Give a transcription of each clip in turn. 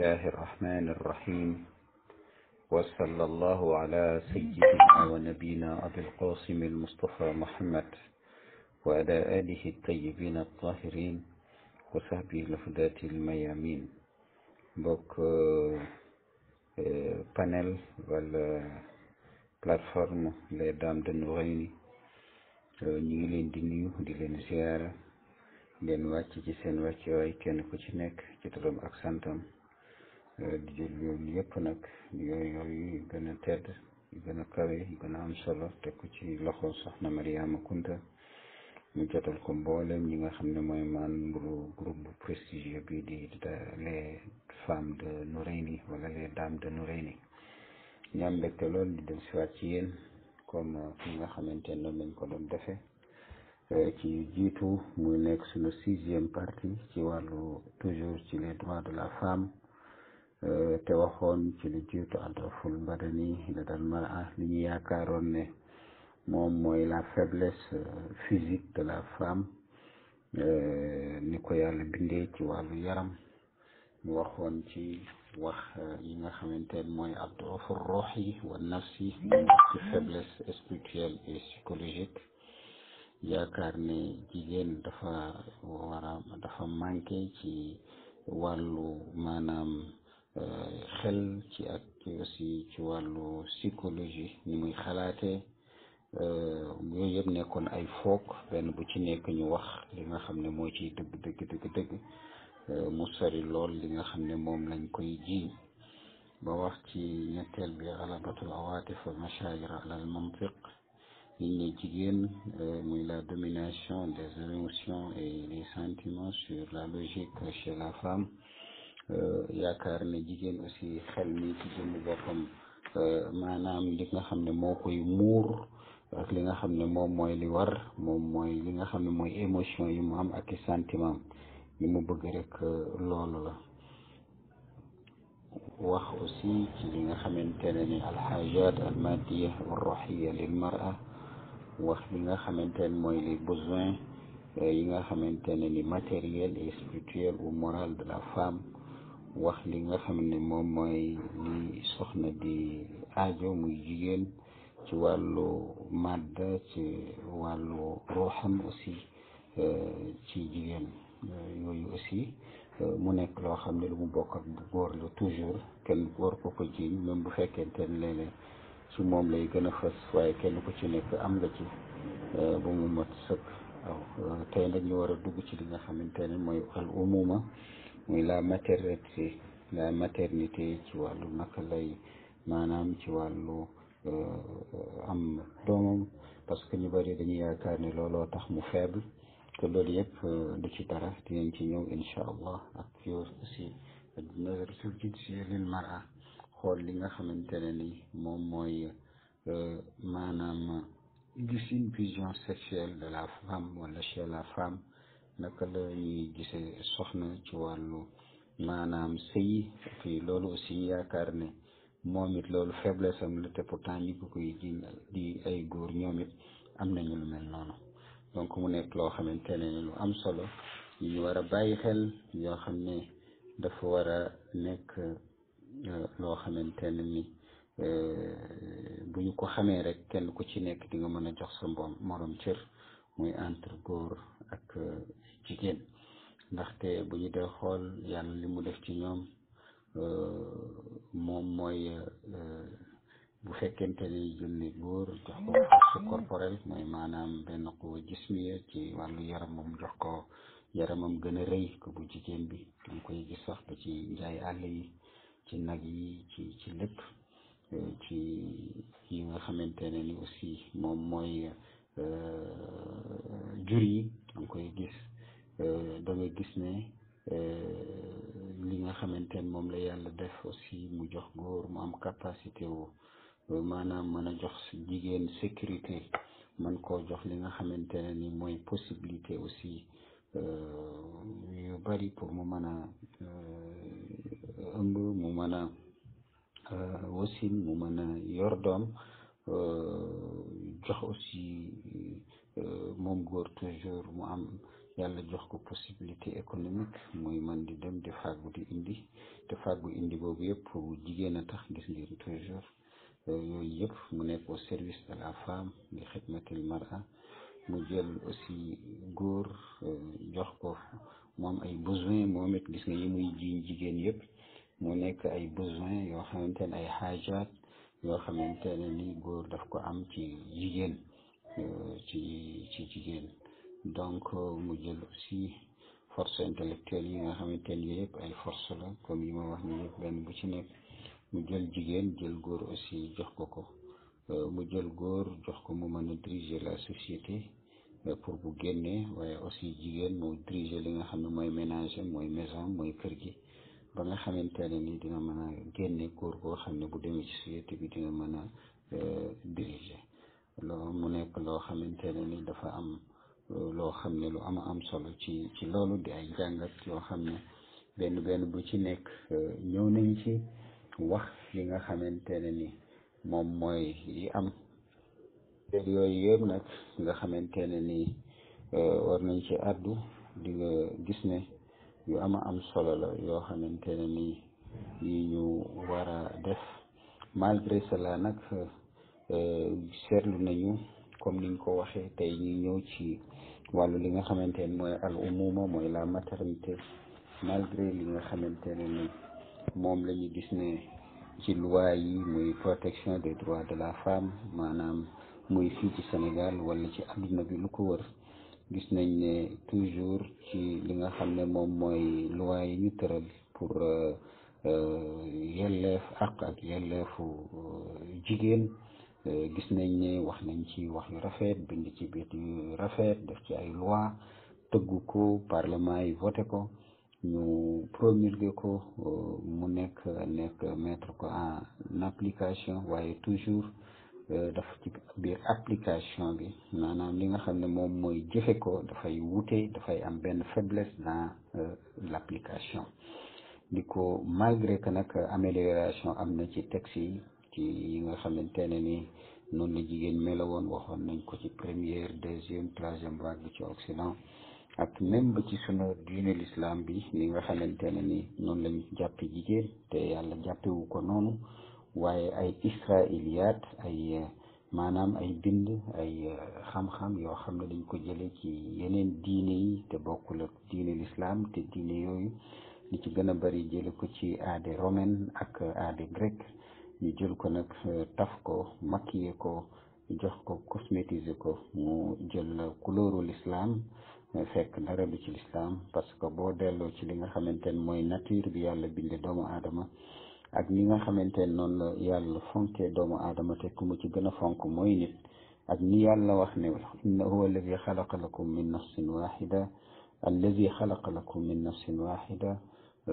الله الرحمن الرحيم وصلى الله على سيدنا ونبينا أبي القاسم المصطفى محمد وعلى آله الطيبين الطاهرين وصحبه الهداة الميامين بوك بانل والبلاتفورم les dames de Nourayni ñu ngi leen di nuyu di leen ziyaara leen wàcc ci seen wàcc waay kenn ku ci nekk ci turam ak santam di yooyu yëpp nag yooyu yooyu gën a tedd yu gën a kawe yu gën a am solo teg ko ci loxo soxna Mariama Kunta mu jotal ko mboolem ñi nga xam ne mooy man mburu groupe bu prestigieux bii di les femmes de Noreyni wala les dames de Noreyni ñaam mbégte lool di dem siwaat ci yéen comme ñi euh, nga xamante noonu lañ ko doon defe euh, ci jiitu mu nekk suñu sixième partie ci wàllu toujours ci les droits de la femme te waxoon ci li jiitu adraful badani la dal mara li ñu yaakaaroon ne moom mooy la faiblesse euh, physique de la femme euh, ni ko yàlla bindee ci wàllu yaram mu waxoon ci wax euh, yi nga xamante ne mooy adraful ruux yi nafsi ci faiblesse spirituelle psychologique yaakaar ne jigéen dafa war ci wàllu maanaam xel ci ak aussi ci wàllu psychologie ni muy xalaatee euh, yooyu yëpp nekkoon ay foog benn bu ci nekk ñu wax li nga xam ne moo ci dëgg dëgg dëgg euh, mu sori lool li nga xam ne moom lañ koy jiiñ ba wax ci ñetteel bi xalabatul awaatif wa machaayir alal mantiq liñ ne jigéen euh, muy la domination des émotions et des sentiments sur la logique chez la femme Euh, yaakaar ne jigéen aussi xel mi ci jëmm boppam euh, maanaam li nga xam ne moo koy muur ak li nga xam ne moom mooy li war moom mooy li nga xam ne mooy émotion yu mu am ak i sentiment li mu bëgg rek euh, loolu la wax aussi ci li nga xamante ne ni alxaajat almadiya alroxiya lil mara wax li nga xamante ne mooy les besoins yi nga xamante ne ni matériel et spirituel ou moral de la femme wax li nga xam ni moom mooy li soxna di ajo muy jigéen ci wàllu madda ci wàllu ruuxam aussi euh, ci jigéen euh, yooyu aussi euh, mu nekk loo xam ne lu mu bokk ak bu góor la toujours kenn war ko ko jiiñ même bu fekkente ne ci moom lay gën a fës waaye kenn ku ci nekk am nga ci ba mu mat sëkk tey nag ñu war a dugg ci li nga xamante ne mooy al umuma muy la maternité la maternité ci wàllu naka lay maanaam ci wàllu euh, am doomam parce que ñu bëri dañuy yaakaar ne looloo tax mu faible te loolu yëpp euh, du ci dara dinañ ci ñëw incha ak yow aussi nazar surjitsie mara xool li nga xamante ne ni moom mooy euh, maanaam gis une vision sexuelle la femme wala chez la femme naka la ñuy gisee soxna ci wàllu maanaam sëy fii loolu aussi yaakaar ne moom it loolu faiblesse am la te pourtant ko koy ji di ay góor ñoomit am nañu lu mel noonu donc mu nekk loo xamante ne lu am solo ñu war a bàyyi xel yoo xam ne dafa war a nekk euh, loo xamante ne ni euh, bu ñu ko xamee rek kenn ku ci nekk di nga mën a jox sa mboom morom cër muy entre góor ak euh, ndaxte bu ñu xool yàlla li mu def ci ñoom euh, moom mooy euh, bu fekkente ni jël ni mooy maanaam benn quwa jismiya ci yaram moom gën a rëy ko jigéen bi danga koy gis sax ci njaay àll yi ci nag yi ci ci lépp euh, ci yi nga xamante ne ni aussi moom mooy jur yi danga koy gis Euh, da nga gis ne euh, li nga xamante ne moom la yàlla def aussi mu jox góor mu am capacité wo euh, maanaam mën a jox jigéen sécurité man koo jox li nga xamante ne ni mooy possibilité aussi yu bari pour mu mën a ëmb mu mën a wasin mu mën a yor doom jox aussi moom góor toujours mu am yàlla jox ko possibilité économique muy man di dem di fàggu di indi te fàggu indi boobu yëpp bu jigéen a tax gis ngeen toujours euh, yooyu yëpp mu nekk au service de la femme di xidmatil mara mu aussi góor euh, jox ko moom ay besoin gis nga yi muy ji jigéen yëpp mu nekk ay besoin yoo xamante ne ay xaajaat yoo xamante ne ni góor daf ko am ci jigéen euh, ci jigéen donc euh, mu jël aussi force intellectuelle yi nga xamante ni yëpp ay force la comme yi ma wax ni yëpp benn bu ci nekk mu jël jigéen jël góor aussi jox ko ko euh, mu jël góor jox ko mu mën a diriger la société euh, pour bu génnee waaye aussi jigéen mu diriger li nga xam ne mooy ménage mooy maison mooy kër gi ba nga xamante ne ni dina mën a génne góor goo xam ne bu demee ci société bi dina mën a diriger loo mu nekk loo xamante ne ni dafa am loo xam ne lu ama am solo ci ci loolu di ay jàngat yoo xam ne benn benn bu ci nekk euh, ñëw nañ ci wax li nga xamante ne ni moom mooy yi am dég yooyu yëpp nag nga xamante ne ni euh, war nañ ci addu di nga gis ne yu ama am solo la yoo xamante ne ni yi ñu war a def malgré cela nag euh, seetlu nañu comme niñ ko waxee tey ñu ñëw ci wala li nga xamante ne mooy al umuma mooy la maternité malgré li nga xamante ne ni moom la ñu gis ne ci loi yi muy protection des droits de la femme maanaam muy fii ci Sénégal wala ci adduna bi lu ko wër gis nañ ne toujours ci li nga xam ne moom mooy loi yi ñu tëral pour euh, euh, yelleef àq ak yelleefu euh, jigéen Euh, gis nañ ne wax nañ ci wax yu rafet bind ci biit yu rafet def ci ay loi tëggu ko parlement yi voté ko ñu promulgué ko euh, mu nekk nekk mettre ko en application waaye toujours euh, dafa ci biir application bi maanaam li nga xam ne moom mooy jëfe ko dafay wute dafay am benn faiblesse dans l'application ni ko malgré que nag amélioration am na ci texte yi ci yi nga xamante ne ni noonu la jigéen melowoon waxoon nañ ko ci première deuxième troisième vague bi ci Occident ak même ba ci sunu diine l'islam bi ni nga xamante ne ni noonu lañu jàppe jigéen te yàlla jàppewu ko noonu waaye ay israiliyat ay maanaam ay bind ay xam-xam yoo xam ne dañ ko jële ci yeneen diine yi te bokkul ak diine l'islam te diine yooyu li ci gën a bari jële ko ci aade romaine ak aade grecque ñu jël ko nag euh, taf ko maquiller ko jox ko cosmétiser ko jël jël couleuru lislaam euh, fekk dara du ci l'islam parce que boo delloo ci li nga xamante ne mooy nature bi yàlla binde doomu aadama ak ni nga xamante ne noonu la yàlla fonkee doomu aadama te ku ci gën a fonk mooy nit ak ni yàlla wax ne inna huwa alladi xalaqa lakum min nafsin waxida alladi xalaqa lakum min nafsin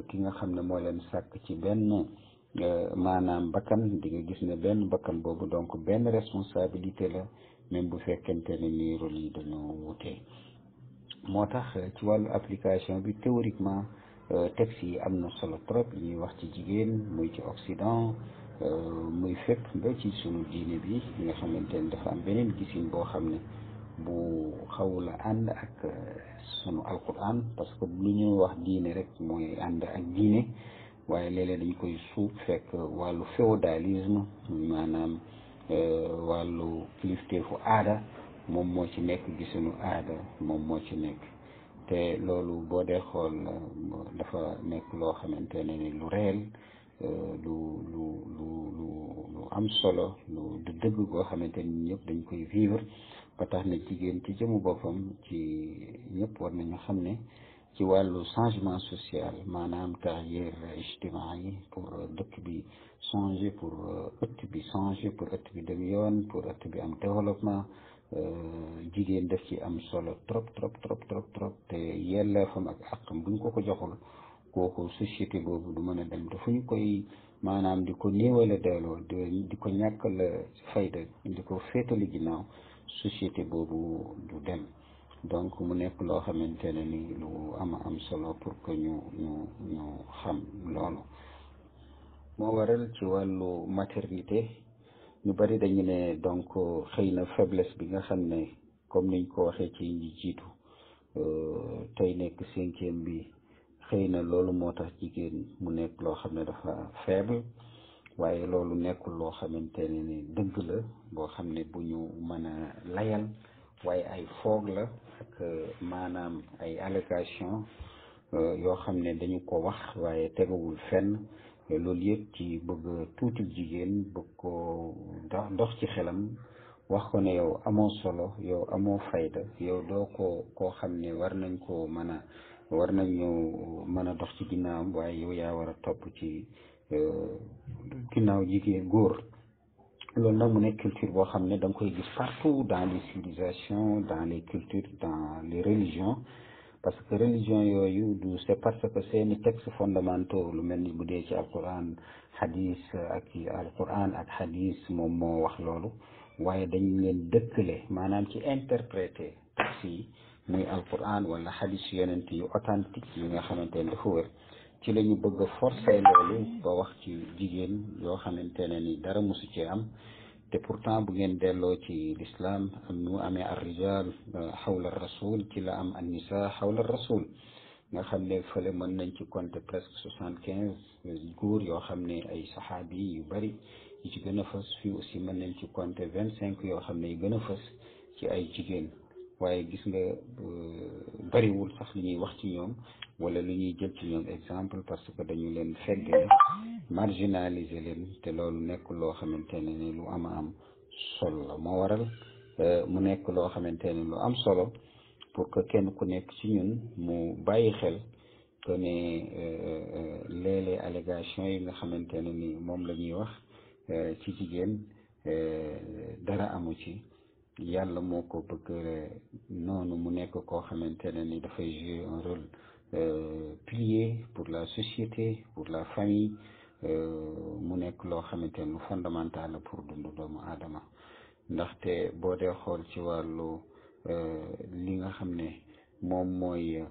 ki nga xam ne moo leen sàkk ci benn Euh, maanaam mbakkan di gis ne benn mbakkan boobu donc benn responsabilité la même bu fekkente ne nii rôle yi dañoo wute moo tax euh, ci wàllu application bi théoriquement euh, texte yi am na solo trop li ñuy wax ci jigéen muy ci Occident muy fépp ba ci sunu diine bi li nga xamante ne dafa am beneen gisin boo xam ne bu xawula ànd ak sunu al alquran parce que lu ñuy wax diine rek mooy ànd ak diine waaye léeg-léeg dañ koy suuf fekk wàllu féodalisme maanaam euh, wàllu kilifteefu aada moom moo ci nekk gisunu aada moom moo ci nekk te loolu boo dee xool dafa nekk loo xamante ne ni lu réel euh, lu lu lu lu am solo lu du dëgg goo xamante ni ñëpp dañ koy vivre ba tax na jigéen ci jëmu boppam ci ñëpp war nañu xam ne ci wàllu changement social maanaam taxyir ijtimaai pour dëkk bi changer pour euh, ëtt bi changer pour ëtt bi dem yoon pour ëtt bi am développement euh, jigéen def ci am solo trop trop trop trop trop te yelleefam ak àqam buñ ko ko joxul kooku société boobu du mën a dem te fu ñu koy maanaam di ko néewale di ko ñàkkal fayda di ko féetali ginnaaw société boobu du donc mu nekk loo xamante ne ni lu am am solo pour que ñu ñu ñu xam loolu moo waral ci wàllu maternité ñu bari dañu ne donc xëy na faiblesse bi nga xam ne comme niñ ko waxee ci ñi jiitu euh, tey nekk cinquième bi xëy na loolu moo tax jigéen mu nekk loo xam ne dafa faible waaye loolu nekkul loo xamante ne ni dëgg la boo xam ne bu ñu mën a layal waaye ay foog la ak euh, maanaam ay allocation euh, yoo xam ne dañu ko wax waaye teguwul fenn euh, loolu yëpp ci bëgg tuuti jigéen bëgg ko dox ci xelam wax ko ne yow amoo solo yow amoo fayda yow doo ko koo xam ne war nañ ko mën a war nañ ñëw mën a dox ci ginnaawam waaye yow yaa war a topp ci ginnaaw jigéen góor loolu nag mu nekk culture boo xam ne da nga koy gis partout dans les civilisations dans les cultures dans les religions parce que religion yooyu du c'est parce que seeni textes fondamentaux lu mel ni bu dee ci alquran hadis ak alquran ak hadis moom moo wax loolu waaye dañ leen dëkkale maanaam ci interpréter textes yi muy alquran wala hadis si yu authentique yi nga xamante ne dafa wér ci la ñu bëgg a forcer loolu ba wax ci jigéen yoo xamante ne ni dara mosu cee am te pourtant bu ngeen delloo ci l'islam am nu amee ar rijal xawla euh, rasul ci la am an nisa xawla rasul nga xam ne fële mën nañ ci compter presque soixante quinze góor yoo xam ne ay saxaabi yu bari yi ci gën a fës fii aussi mën nañ ci compter vingt cinq yoo xam ne yu gën a fës ci ay jigéen waaye gis nga euh, bariwul sax li ñuy wax ci ñoom wala li ñuy jël ci ñoom exemple parce que dañu leen feggale marginaliser leen te loolu nekk loo xamante ne ni lu ama am solo moo waral euh, mu nekk loo xamante ne lu am solo pour que kenn ku nekk ci ñun mu bàyyi xel que ne euh, léeg allégation yi nga xamante ne ni moom la ñuy wax ci jigéen dara amu ci yàlla moo ko bëgg noonu mu nekk koo xamante ne ni dafay jouer en rôle euh, pilier pour la société pour la famille euh, mu nekk loo xamante ne lu fondamental pour dundu doomu aadama ndaxte boo dee xool ci wàllu euh, li nga xam ne moom mooy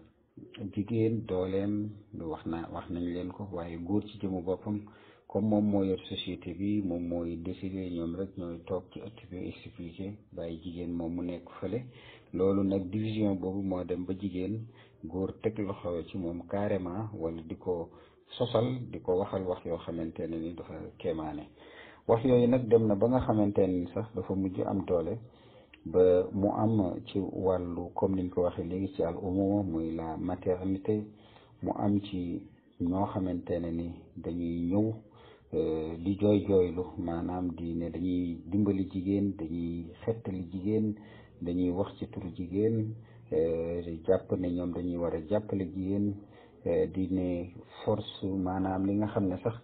jigéen dooleem wax naa wax nañ leen ko waaye góor ci jëmu boppam comme moom moo yor société bi moom mooy décider ñoom rek ñooy toog ci jigéen bàyyi jigéen moom mu nekk fële loolu nag division boobu moo dem ba jigéen góor teg loxo ci moom carrément wala di ko sosal di ko waxal wax yoo xamante ne ni dafa kéemaane wax yooyu nag dem na ba nga xamante ne sax dafa mujj am doole ba mu am ci wàllu comme niñ ko waxee léegi ci al umuma muy la maternité mu am ci ñoo xamante ne dañuy ñëw E, di jooy jooylu maanaam diine dañuy dimbali jigéen dañuy xettali jigéen dañuy wax ci turu jigéen e, jàpp ne ñoom dañuy war a jàppale jigéen e, di ne force maanaam li nga xam ne sax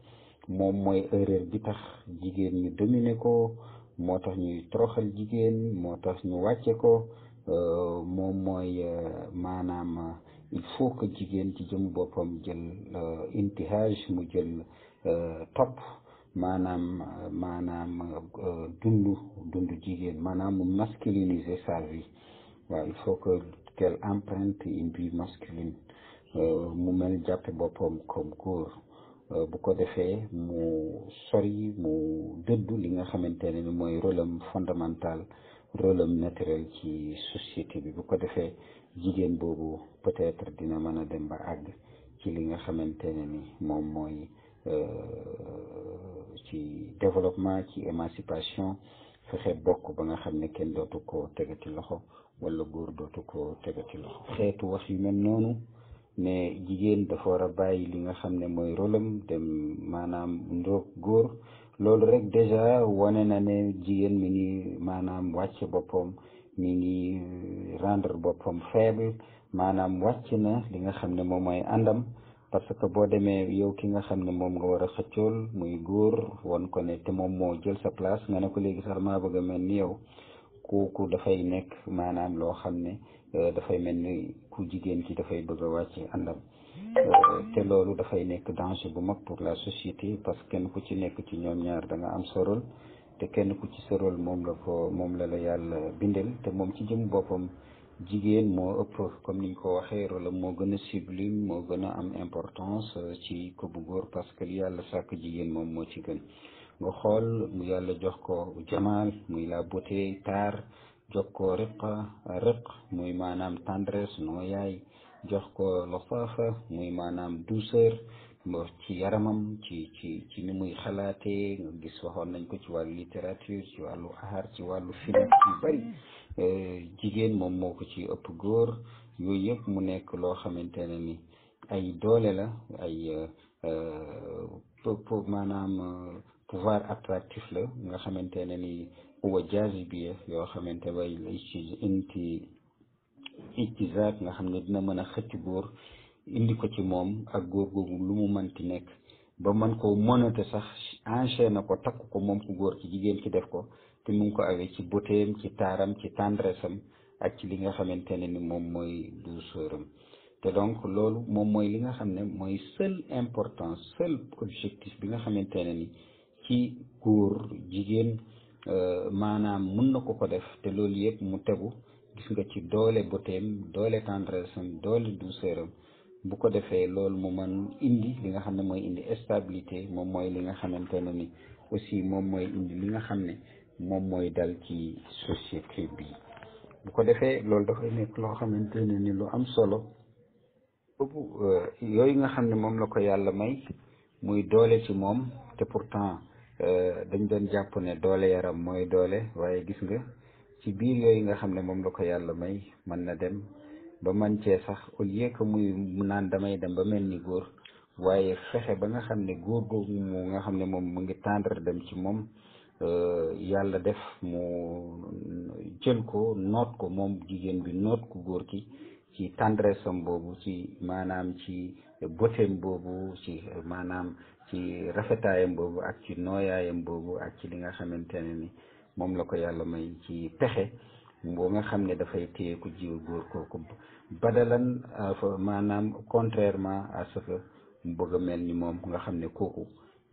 moom mooy erreur bi tax jigéen ñu dominer ko moo tax ñuy troxal jigéen moo tax ñu wàcce ko moom mooy maanaam il jigéen ci jëm boppam jël intihaj mu jël top maanaam maanaam dundu euh, dundu jigéen maanaam mu masculiniser sa vie waaw il faut que qu'elle emprunte une vie masculine euh, mu mel jàppe boppam comme góor euh, bu ko defee mu sori mu dëddu li nga xamante ne ni mooy rôle am fondamental rôle am naturel ci société bi bu ko defee jigéen boobu peut-être dina mën a dem ba ci li nga xamante ne ni moom mooy Euh, ci développement ci émancipation fexe bokk ba nga xam ne kenn dootu ko tegati loxo wala góor dootu ko tegati loxo xeetu wax yu mel noonu ne jigéen dafa war a bàyyi li nga xam ne mooy rôlam dem maanaam ndoog góor loolu rek déjà wane na ne jigéen mi ni maanaam wàcc boppam mi ngi euh, rendre boppam faible maanaam wàcc na li nga xam ne moom mooy àndam parce que boo demee yow ki nga xam ne moom nga war a xëccool muy góor won ko ne te moom moo jël sa place nga ne ko léegi sax maa bëgg a mel ni yow ku dafay nekk maanaam loo xam ne euh, dafay mel ni ku jigéen ki dafay bëgg a wàcc àndam euh, te loolu dafay nekk danger bu mag pour la société parce que kenn ku ci nekk ci ñoom ñaar da am sa te kenn ku ci sa moom la ko moom la la yàlla bindeel te moom ci jëm boppam jigéen moo ëpp comme niñ ko waxee wala moo gën a sublime moo gën a am importance ci ko bu góor parce que li yàlla sàkk jigéen moom moo ci gën nga xool mu yàlla jox ko jamaal muy la beauté taar jox ko riqa riq muy maanaam tendresse nooyaay jox ko lafaafa muy maanaam douceur mbo ci yaramam ci ci ci muy xalaate nga gis waxoon nañ ko ci wàllu littérature ci wàllu aar ci wàllu film yu bari Eh, jigéen moom moo ko ci ëpp góor yooyu yëpp mu nekk loo xamante ne ni ay doole la ay eh, eh, maanaam pouvoir attractif la nga xamante ne ni uwa jaazibiyya yoo xamante way ci inti nga xam ne dina mën a xëcc góor indi ko ci moom ak góor googu lu mu mënti nekk ba mën ko mënate sax enchaîné ko takk ko moom ku góor ci jigéen ki def ko te mu awee ci boteem ci taaram ci tendresse am ak ci li nga xamante ne ni moom mooy douceur am te donc loolu moom mooy li nga xam ne mooy seul importance seul objectif bi nga xamante ne ni ci góor jigéen euh, maanaam mun na ko ko def te loolu yëpp mu tegu gis nga ci doole boteem doole tendresse am doole douceur am bu ko defee loolu mu mën indi li nga xam ne mooy indi stabilité moom mooy li nga xamante ne ni aussi moom mooy indi li nga xam ne moom mooy dal ci société bi bu ko defee loolu dafay nekk loo xamante ne ni lu am solo boobu euh, yooyu nga xam ne moom la ko yàlla may muy doole ci moom te pourtant euh, dañ doon jàpp ne doole yaram mooy doole waaye gis nga ci biir yooyu nga xam ne moom la ko yàlla may mën na dem ba man cee sax au lieu muy mu naan damay dem ba mel ni góor waaye fexe ba nga xam ne góor googu mu nga xam ne moom mu ngi tendre dem ci moom Euh, yàlla def mu jël ko noot ko moom jigéen bi noot ku góor ki ci tendresse am boobu ci maanaam ci boteem boobu ci maanaam ci rafetaayam boobu ak ci nooyaayam boobu ak ci li nga xamante ne ni moom la ko yàlla may ci pexe boo nga xam ne dafay téye ku jiw góor kooku badalan euh, maanaam contrairement à ce que mu bëgg a mel ni moom nga xam ne kooku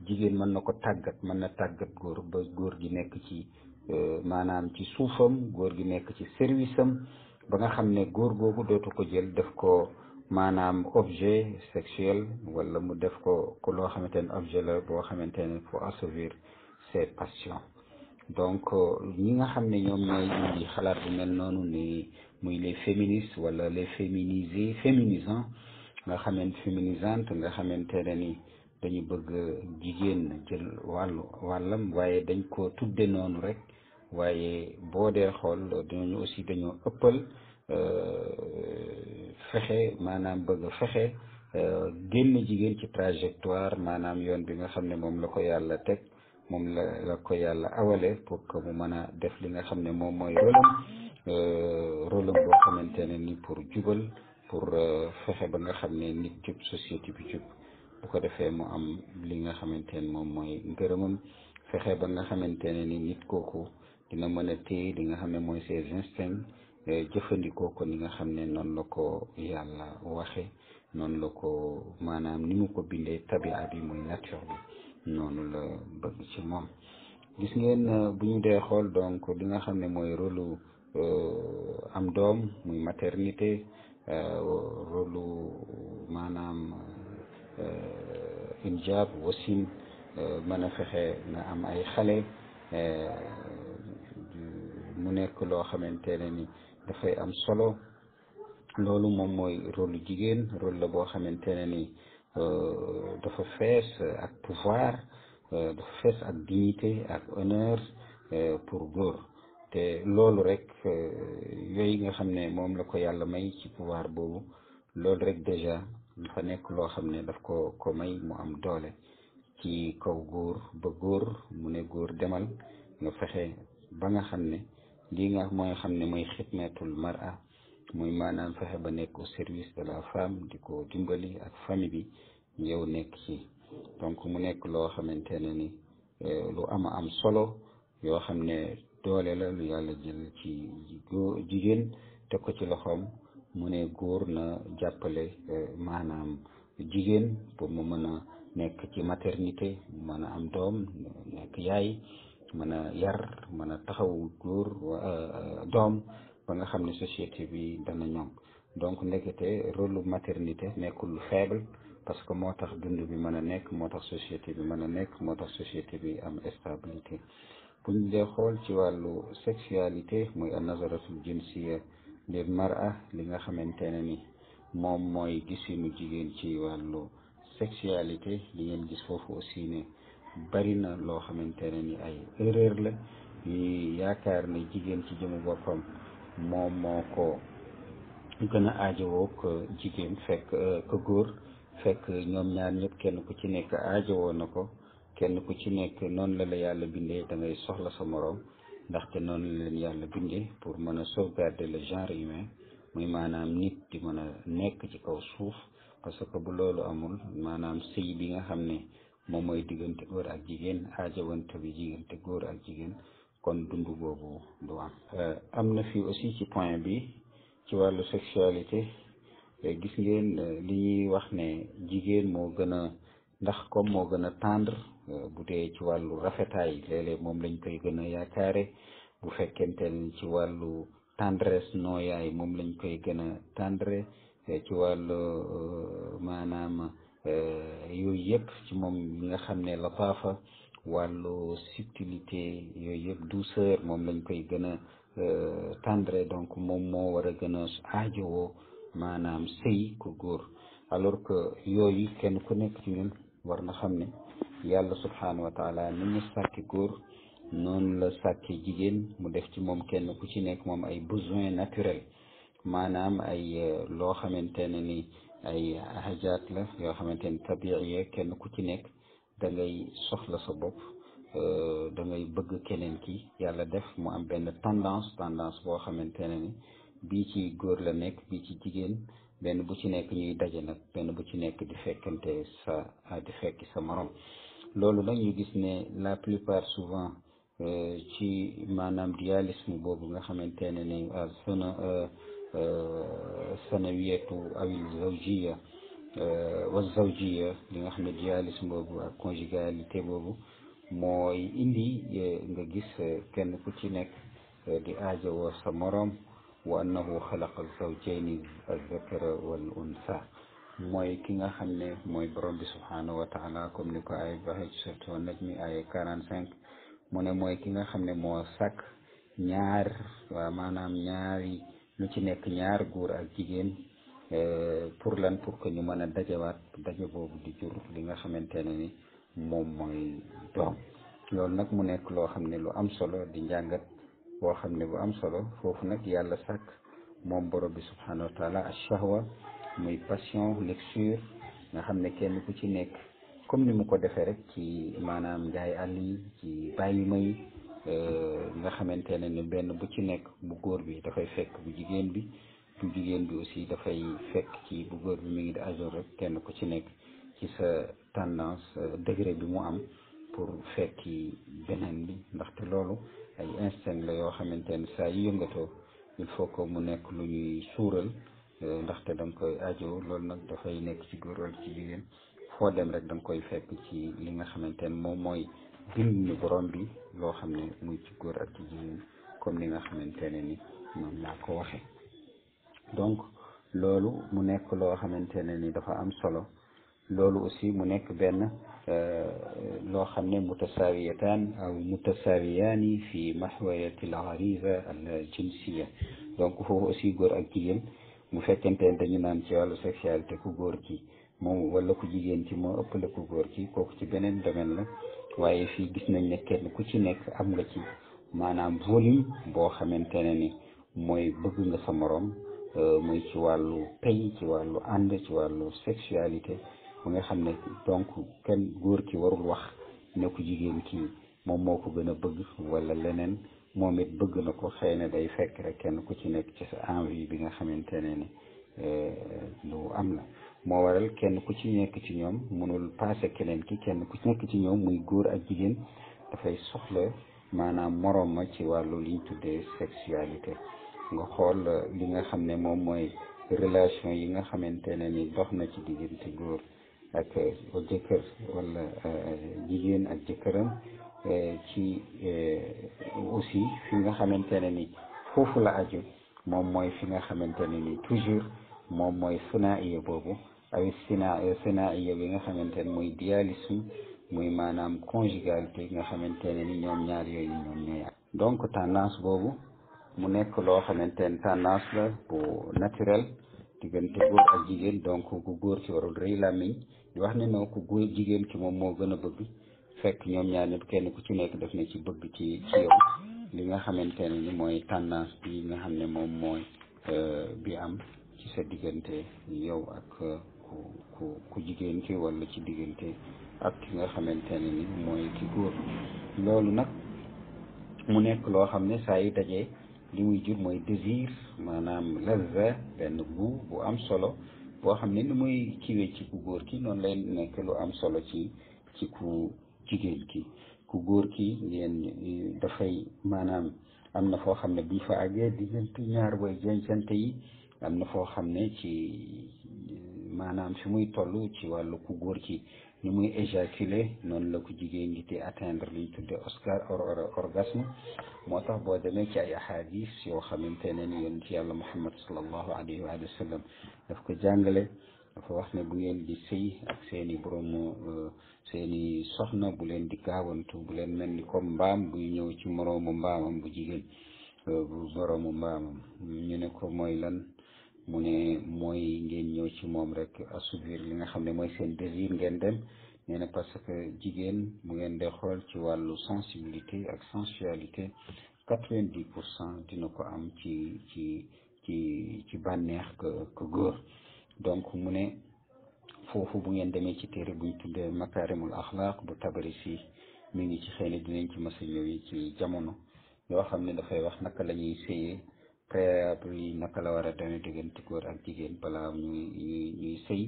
jigéen mën na ko tàggat mën na tàggat góor ba góor gi nekk ci euh, maanaam ci suufam góor gi nekk ci service am ba nga xam ne góor googu dootu ko jël def ko maanaam objet sexuel wala mu def ko ku loo xamante ne objet la boo xamante ne pour assouvir ses passions donc euh, ñi nga xam ne ñoom ñooy xalaat bu mel noonu ni muy les féministes wala les féminisés féminisants nga xamante féminisante nga xamante ne ni dañu bëgg jigéen jël wàllu wàllam waaye dañ ko tudde noonu rek waaye boo dee xool dañu aussi dañoo ëppal euh, fexe maanaam bëgg fexe euh, génn jigéen ci trajectoire maanaam yoon bi nga xam ne moom la ko yàlla teg moom la la ko yàlla awale pour que mu mën a def li nga xam ne moom mooy rôlam euh, rôlam boo xamante ne nii pour jubal pour fexe ba nga xam ne nit jub société bi bu ko defee mu am li nga xamante ne moom mooy ngërëmam fexe ba nga xamante ne ni nit kooku dina mën a téye li nga xam ne mooy ses instincts eh, jëfandikoo ko ni nga xam ne noonu la ko yàlla waxe noonu la ko maanaam ni mu ko bindee tabia bi muy nature bi noonu la bëgg ci moom gis ngeen eh, bu xool donc li nga xam ne mooy rôlu eh, am doom muy maternité rôlu maanaam Euh, injab wasin euh, mën a fexe na am ay xale euh, mu nekk loo xamante ne ni dafay am solo loolu moom mooy rôle lu jigéen rôle la boo xamante ne ni dafa fees ak pouvoir dafa fees ak dignité ak honneur pour góor te loolu rek yooyu nga xam ne moom la ko yàlla may ci pouvoir boobu loolu rek déjà dafa nekk loo xam ne daf ko ko may mu am doole ci kaw góor ba góor mu ne góor demal nga fexe ba nga xam ne lii nga mooy xam ne mooy xidmatul mar'a muy maanaam fexe ba nekk service de la femme di ko dimbali ak famille bi yow nekk ci donc mu nekk loo xamante ne ni euh, lu ama am solo yoo xam ne doole la lu yàlla jël ci góor jigéen teg ko ci mu ne góor na jàppale eh, maanaam jigéen pour mu mën a nekk ci maternité mën a am doom nekk yaay mën a yar mën a taxaw góor eh, doom ba nga xam ne société bi dana ñoŋ donc ndekete rôle maternité nekkul lu faible parce que moo tax dund bi mën a nekk moo tax société bi mën a nekk moo tax société bi am stabilité pour dee xool ci wàllu sexualité muy an nazaratul jinsiya lil mar'a li nga xamante ne ni moom mooy gisuñu jigéen ci wàllu sexualité li ngeen gis foofu aussi ne bari na loo xamante ne ni ay erreur la yi yaakaar ne jigéen ci jëmu boppam moom moo ko gën a aajowoo ko jigéen fekk euh, ko góor fekk ñoom ñaar ñëpp kenn ku ci nekk aajowoo na ko kenn ku ci nekk noonu la la yàlla bindee da ngay soxla sa moroom ndaxte noonu leen yàlla bindee pour mën a sauvegarder le genre humain muy maanaam nit di mën a nekk ci kaw suuf parce que bu loolu amul maanaam sëy bi nga xam ne moom mooy diggante góor ak jigéen aajawante bi diggante góor ak jigéen kon dund boobu du am. Euh, na fi aussi ci point bi ci wàllu sexualité euh, gis ngeen euh, li ñuy wax ne jigéen moo gën a ndax comme moo gën a tendre. bu dee ci wàllu rafetaay léeg-léeg moom lañ koy gën a yaakaare bu fekkente ci wàllu tendresse nooyaay moom lañ koy gën a tendre eh, ci wàllu euh, maanaam euh, yooyu yëpp ci moom mi nga xam ne lataafa wàllu subtilité yooyu yëpp douceur moom lañ koy gën a euh, tendre donc moom moo war a gën a aajowoo maanaam sëy ko góor alors que yooyu kenn ku nekk ci ñun war na xam ne yàlla subhaanahu wa taala ni mu sàkki noonu la sàkki jigéen mu def ci moom kenn ku ci nekk moom ay besoin naturel maanaam ay eh, loo xamante ne ni ay hajaat la yoo xamante ni tabiiya kenn ku ci nekk da ngay soxla sa bopp eh, da bëgg keneen ki yàlla def mu am benn tendance tendance boo xamante ne bii ci góor la nekk bii ci jigéen benn bu ci nekk ñuy daje nag benn bu ci nekk di fekkante sa di fekki sa morom loolu nag ñu gis ne la plupart souvent euh, ci maanaam réalisme boobu nga xamante ne ne sana euh, euh, sanawiyatu awil zawjiya wa zawjiya li nga xam ne réalisme boobu ak conjugalité boobu mooy indi nga gis kenn ku ci nekk di aajowoo sa moroom wa annahu xalaqa zawjayni alzakara wal unsa mooy ki nga xam ne mooy borom bi subhanahu wa taala comme ni ko ay waxee ci surtout nag mi ay quarante cinq mu ne mooy ki nga xam ne moo sàkk ñaar waa maanaam ñaari lu ci nekk ñaar góor ak jigéen euh, pour lan pour que ñu mën a dajewaat daje boobu di jur li nga xamante ne ni moom mooy doom loolu nag mu nekk loo xam ne lu am solo di njàngat boo xam ne bu am solo foofu nag yàlla sàkk moom borom bi subhanahu wa taala ashahwa muy passion luxure nga xam ne kenn ku ci nekk comme ni mu ko defee rek ci maanaam njaay àll yi ci bàyyi may euh, nga xamante ne ni benn bu ci nekk bu góor bi dafay fekk bu jigéen bi bu jigéen bi aussi dafay fekk ci bu góor bi mu ngi di ajour rek kenn ku ci nekk ci sa tendance euh, degré bi mu am pour fekki beneen bi ndaxte loolu ay instinct la yoo xamante ne saa yu yëngatoo il faut que mu nekk lu ñuy suural euh, ndaxte da nga koy aajo loolu nag dafay nekk ci góor ci jigéen foo dem rek da koy fekk ci li nga xamante ne moom mooy bind ñu borom bi loo xam ne muy ci góor ak ci jigéen comme ni nga xamante ne ni moom laa ko waxee donc loolu mu nekk loo xamante ne ni dafa am solo. loolu aussi mu nekk benn euh, loo xam ne mutasaawiyataan aw mutasaawiyaani fi mahwayati al ariza al jinsiya donc foofu aussi góor ak jigéen bu fekkente ne dañu naan ci wàllu sexualité ku góor ki moom wala ku jigéen ci moo ëppale ku góor ki kooku ci beneen domaine la waaye fii gis nañ ne kenn ku ci nekk am nga ci maanaam volume boo xamante ne ni mooy bëgg nga sa morom euh, muy ci wàllu pay ci wàllu ànd ci wàllu sexualité bu nga xam ne donc kenn góor ki warul wax ne jigéen kii moom moo ko gën a bëgg wala leneen moom it bëgg na ko xëy na day fekk rek kenn ku ci nekk ci sa envie bi nga xamante ne ni eh, lu am la moo waral kenn ku ci nekk ci ñoom mënul passé kenn ku ci nekk ci ñoom muy góor ak jigéen dafay soxla maanaam moroom ma ci wàllu liñ tuddee sexualité nga xool eh, li nga xam ne moom mooy relation yi nga xamante ne ni dox na ci diggante góor ak eh, jëkkër wala eh, jigéen ak jëkkëram eh, ci aussi fi nga xamante ne ni foofu aju moom mooy fi nga xamante ne ni toujours moom mooy sunaiya boobu ay sina sunaiya bi nga xamante ne mooy dualisme muy maanaam conjugalité nga xamante ne ni ñoom ñaar yooyu ñoom ñooy donc tendance boobu mu nekk loo xamante ne tendance la naturel diggante góor jigéen donc gu góor ci warul rëy làmmiñ wax ne non ku góor jigéen ki moom moo gën a bëgg fekk ñoom ñaar ñëpp kenn ku ci nekk def na ci bëgg ci ci yow li nga xamante ne ni mooy tendance bi nga xam ne moom mooy euh, bi am diggante yow ak euh, ku jigéen ki wala ci diggante ak ki nga xamante ne ni mooy ki góor loolu nag mu nekk loo xam ne saa yi dajee li muy jur mooy désir maanaam lazza benn bu bu am solo boo xam ne ni muy kiiwee ci ku góor ki noonu lay nekk lu am solo ci ci ku jigéen ki ku góor ki ngeen dafay maanaam am na foo xam ne buñ fa àggee diggante ñaar way jencante yi am na foo xam ne ci maanaam fi muy toll ci wàllu ku góor ki ni muy éjaculer noonu la ko jigéen ñi di atteindre li ñu tudde oscar orgasme moo tax boo demee ci ay ahadis yoo xamante ne ni yonent yàlla muhammad sallallahu alayhi wa sallam daf ko jàngale dafa wax ne bu ngeen di sëy ak seeni borom seeni soxna bu leen di gaawantu bu leen mel ni comme mbaam buy ñëw ci moroomu mbaamam bu jigéen bu moroomu mbaamam ñu ne ko mooy lan mu ne mooy ngeen ñëw ci moom rek assouvir li nga xam ne mooy seen désir ngeen dem nee na parce que jigéen mu ngeen de xool ci wàllu sensibilité ak sensualité quatre-vingt-dix pour cent dina ko am ci ci ci ci bànneex que que góor donc mu ne foofu bu ngeen demee ci téere buñ tuddee makaarimul axlaaq bu tabarisi mi ngi ci xëy na dinañ ci mës a ñëw ci jamono yoo xam ne dafay wax naka la ñuy séyee préalable yi naka la war a demee diggante góor ak jigéen balaa ñuy ñuy ñuy sëy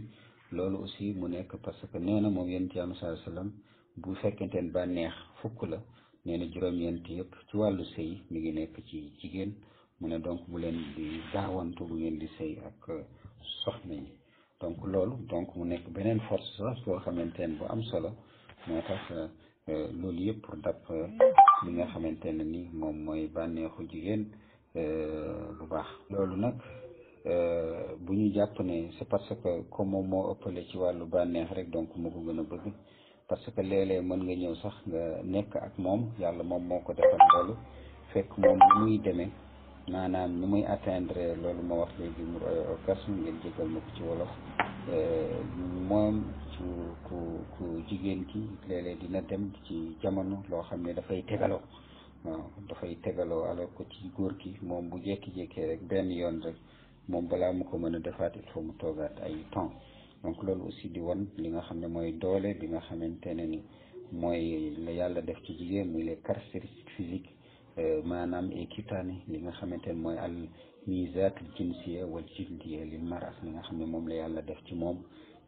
loolu aussi mu nekk parce que nee na moom yonent yàlla sallallahu alayhi bu fekkente ne bànneex fukk la nee na juróom-ñeent yëpp ci wàllu sëy mi ngi nekk ci jigéen mu ne donc bu leen di gaawantu bu ngeen di sëy ak euh, soxna loolu donc mu nekk beneen force boo xamante ne bu am solo moo tax euh, euh, loolu yëpp pour dab li nga xamante ne ni moom mooy bànneexu jigéen. bu euh, baax loolu nag euh, bu ñu jàpp ne c'est parce que comme moo ëppale ci wàllu bànneex rek donc moo ko gën a bëgg parce que léeg mën nga ñëw sax nga nekk ak moom yàlla moom moo ko defal loolu fekk moom ni muy demee maanaam ni muy atteindre loolu ma wax léegi mu euh, orgasme ngeen jégal ma ko ci wolof moom ku ku jigéen ki léeg dina dem ci jamono loo xam ne dafay tegaloo waaw dafay tegaloo alors que ci góor ki moom bu jékki-jékkee rek benn yoon rek moom balaa mu ko mën a defaat foo mu toogaat ay temps donc loolu aussi di wan li nga xam ne mooy doole bi nga xamante ne ni mooy yàlla def ci jigéen muy les caractéristiques physiques euh, maanaam équitane li nga xamante ne mooy al misaat jinsiya wal jildiya lil mara li nga xam ne moom la yàlla def ci moom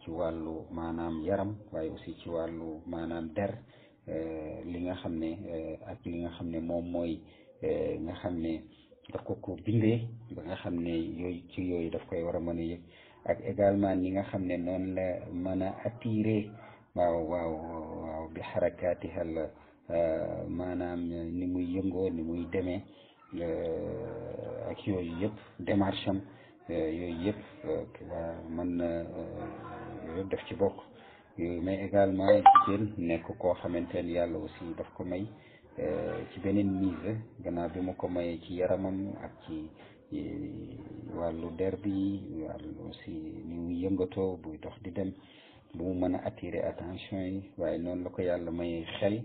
ci wàllu maanaam yaram waaye aussi ci wàllu maanaam der Euh, li nga xam ne euh, ak li nga xam ne moom mooy euh, nga xam ne daf ko ko bindee nga xam ne yooyu ci yooyu daf koy war a mën a yëg ak également ni nga xam ne noonu la mën a attiré waaw waaw waaw bi xarakaatiha la maanaam ni muy yëngoo ni muy demee ak yooyu yëpp démarche am yooyu yëpp na yooyu ci bokk mais également jigéen nekk koo xamante ne yàlla aussi daf ko may euh, ci beneen mise gannaaw bi mu ko mayee ci yaramam ak ci euh, wàllu der bi wàllu aussi ni muy yëngatoo buy dox di dem bu mu mën a attirer attention yi waaye noonu la ko yàlla mayee xel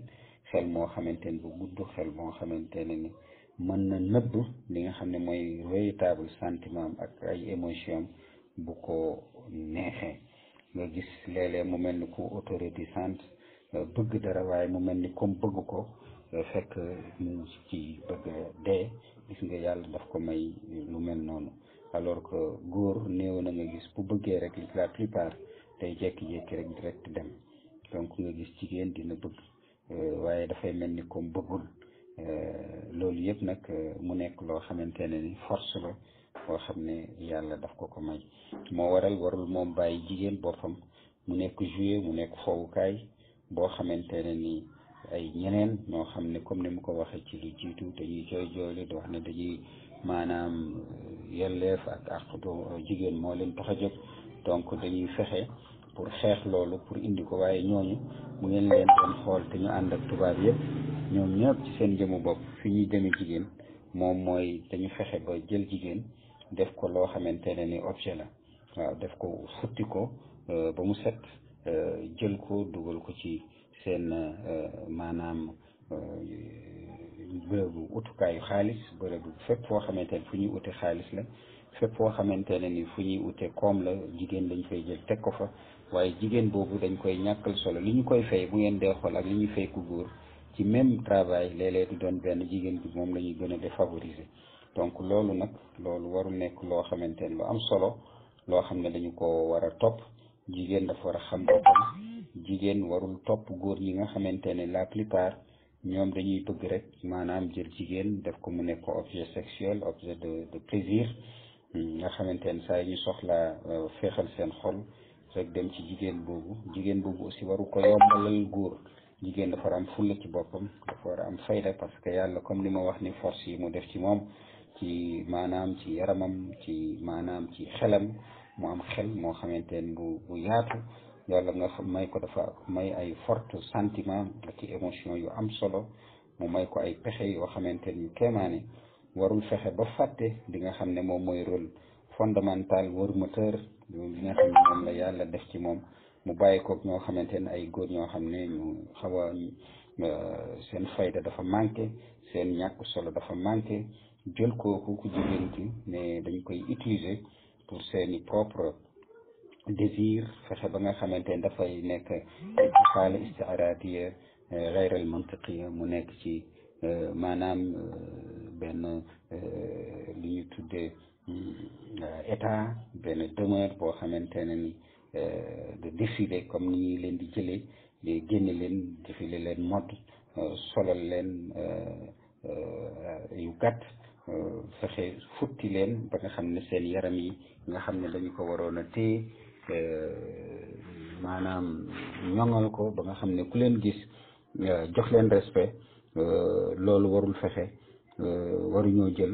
xel moo xamante ne bu gudd xel moo xamante ne ni mën na nëbb li nga xam ne mooy véritable sentiment ak ay émotion bu ko neexee nga gis léeg mu mel ni ku autoréticente euh, bëgg dara waaye mu mel ni kom bëgg ko euh, fekk mu ci bëgg dee gis nga yàlla daf ko may lu mel noonu alors que góor néew na nga gis bu bëggee rek la plupart day jékki-jékki rek direct dem donc nga gis jigéen dina bëgg euh, waaye dafay mel ni kom bëggul loolu yëpp nag mu nekk loo xamante ne ni force la foo xam ne yàlla daf ko ko may moo waral warul moom bàyyi jigéen boppam mu nekk jouet mu nekk fowukaay boo xamante ne nii ay ñeneen ñoo xam ne comme ni mu ko waxee ci lu jiitu dañuy jooy jooyle di wax ne dañuy maanaam euh, yelleef ak jigéen moo leen tax a jóg donc dañuy fexe pour xeex loolu pour indi ko waaye ñooñu mu ngeen leen doon xool te ñu ànd ak tubaab yëpp ñoom ñëpp ci seen jëmu bopp fi ñuy demee jigéen moom mooy dañu fexe ba jël jigéen def ko loo xamante ne ni objet la waaw def ko futti ko euh, ba mu set euh, jël ko dugal ko ci seen euh, maanaam bërëbu utukaayu xaalis bërëbu fépp foo xamante ne fu ñuy ute xaalis la fépp foo xamante ne ni fu ñuy ute koom la jigéen dañ fay jël teg ko fa waaye jigéen boobu dañ koy ñàkkal solo li ñu koy fay bu ngeen dee xool ak li ñuy fay ku góor ci même travail léeg-léeg di doon benn jigéen bi moom la ñuy gën a défavoriser donc loolu nag loolu warul nekk loo xamante ne lu am solo loo xam ne dañu ko war a topp jigéen dafa war a xam boppam jigéen warul topp góor ñi nga xamante ne la plupart ñoom dañuy bëgg rek maanaam jël jigéen def ko mu nekk objet sexuel objet de de plaisir nga xamante ne saa ñu soxla euh, féexal seen xol dem ci jigéen boobu jigéen boobu aussi waru ko yombalal góor jigéen dafa war a am fulla ci boppam dafa war a am fayda parce que yàlla comme ni ma wax ni force yi mu def ci moom ci maanaam ci yaramam ci maanaam ci xelam mu am xel moo xamante ne bu bu yaatu yàlla nga xam may ko dafa may ay forte sentiment ak i émotion yu am solo mu may ko ay pexe yoo xamante ne ñu kéemaane warul fexe ba fàtte li nga xam ne moom mooy rôle fondamental war moteur li nga xam ne moom la yàlla def ci moom mu bàyyi koog ñoo xamante ne ay góor ñoo xam ne ñu xaw a euh, seen fayda dafa manqué seen ñàkk solo dafa manqué jël kooku ku jigéen ki ne dañ koy utiliser pour seeni propre désir fexe ba nga xamante ne dafay nekk ci xaala isti'raadiya gayral euh, mantiqiya mu nekk ci euh, maanaam euh, benn li ñu tuddee état benn demeure boo xamante ne ni de défiler comme ni leen di jëlee di génne leen défiler leen mode solal leen yu gàtt fexe futti leen ba nga xam ne seen yaram yi nga xam ne dañu ko waroon a téye euh, maanaam ñoŋal ko ba nga xam ne ku leen gis euh, jox leen respect euh, loolu warul fexe waruñoo jël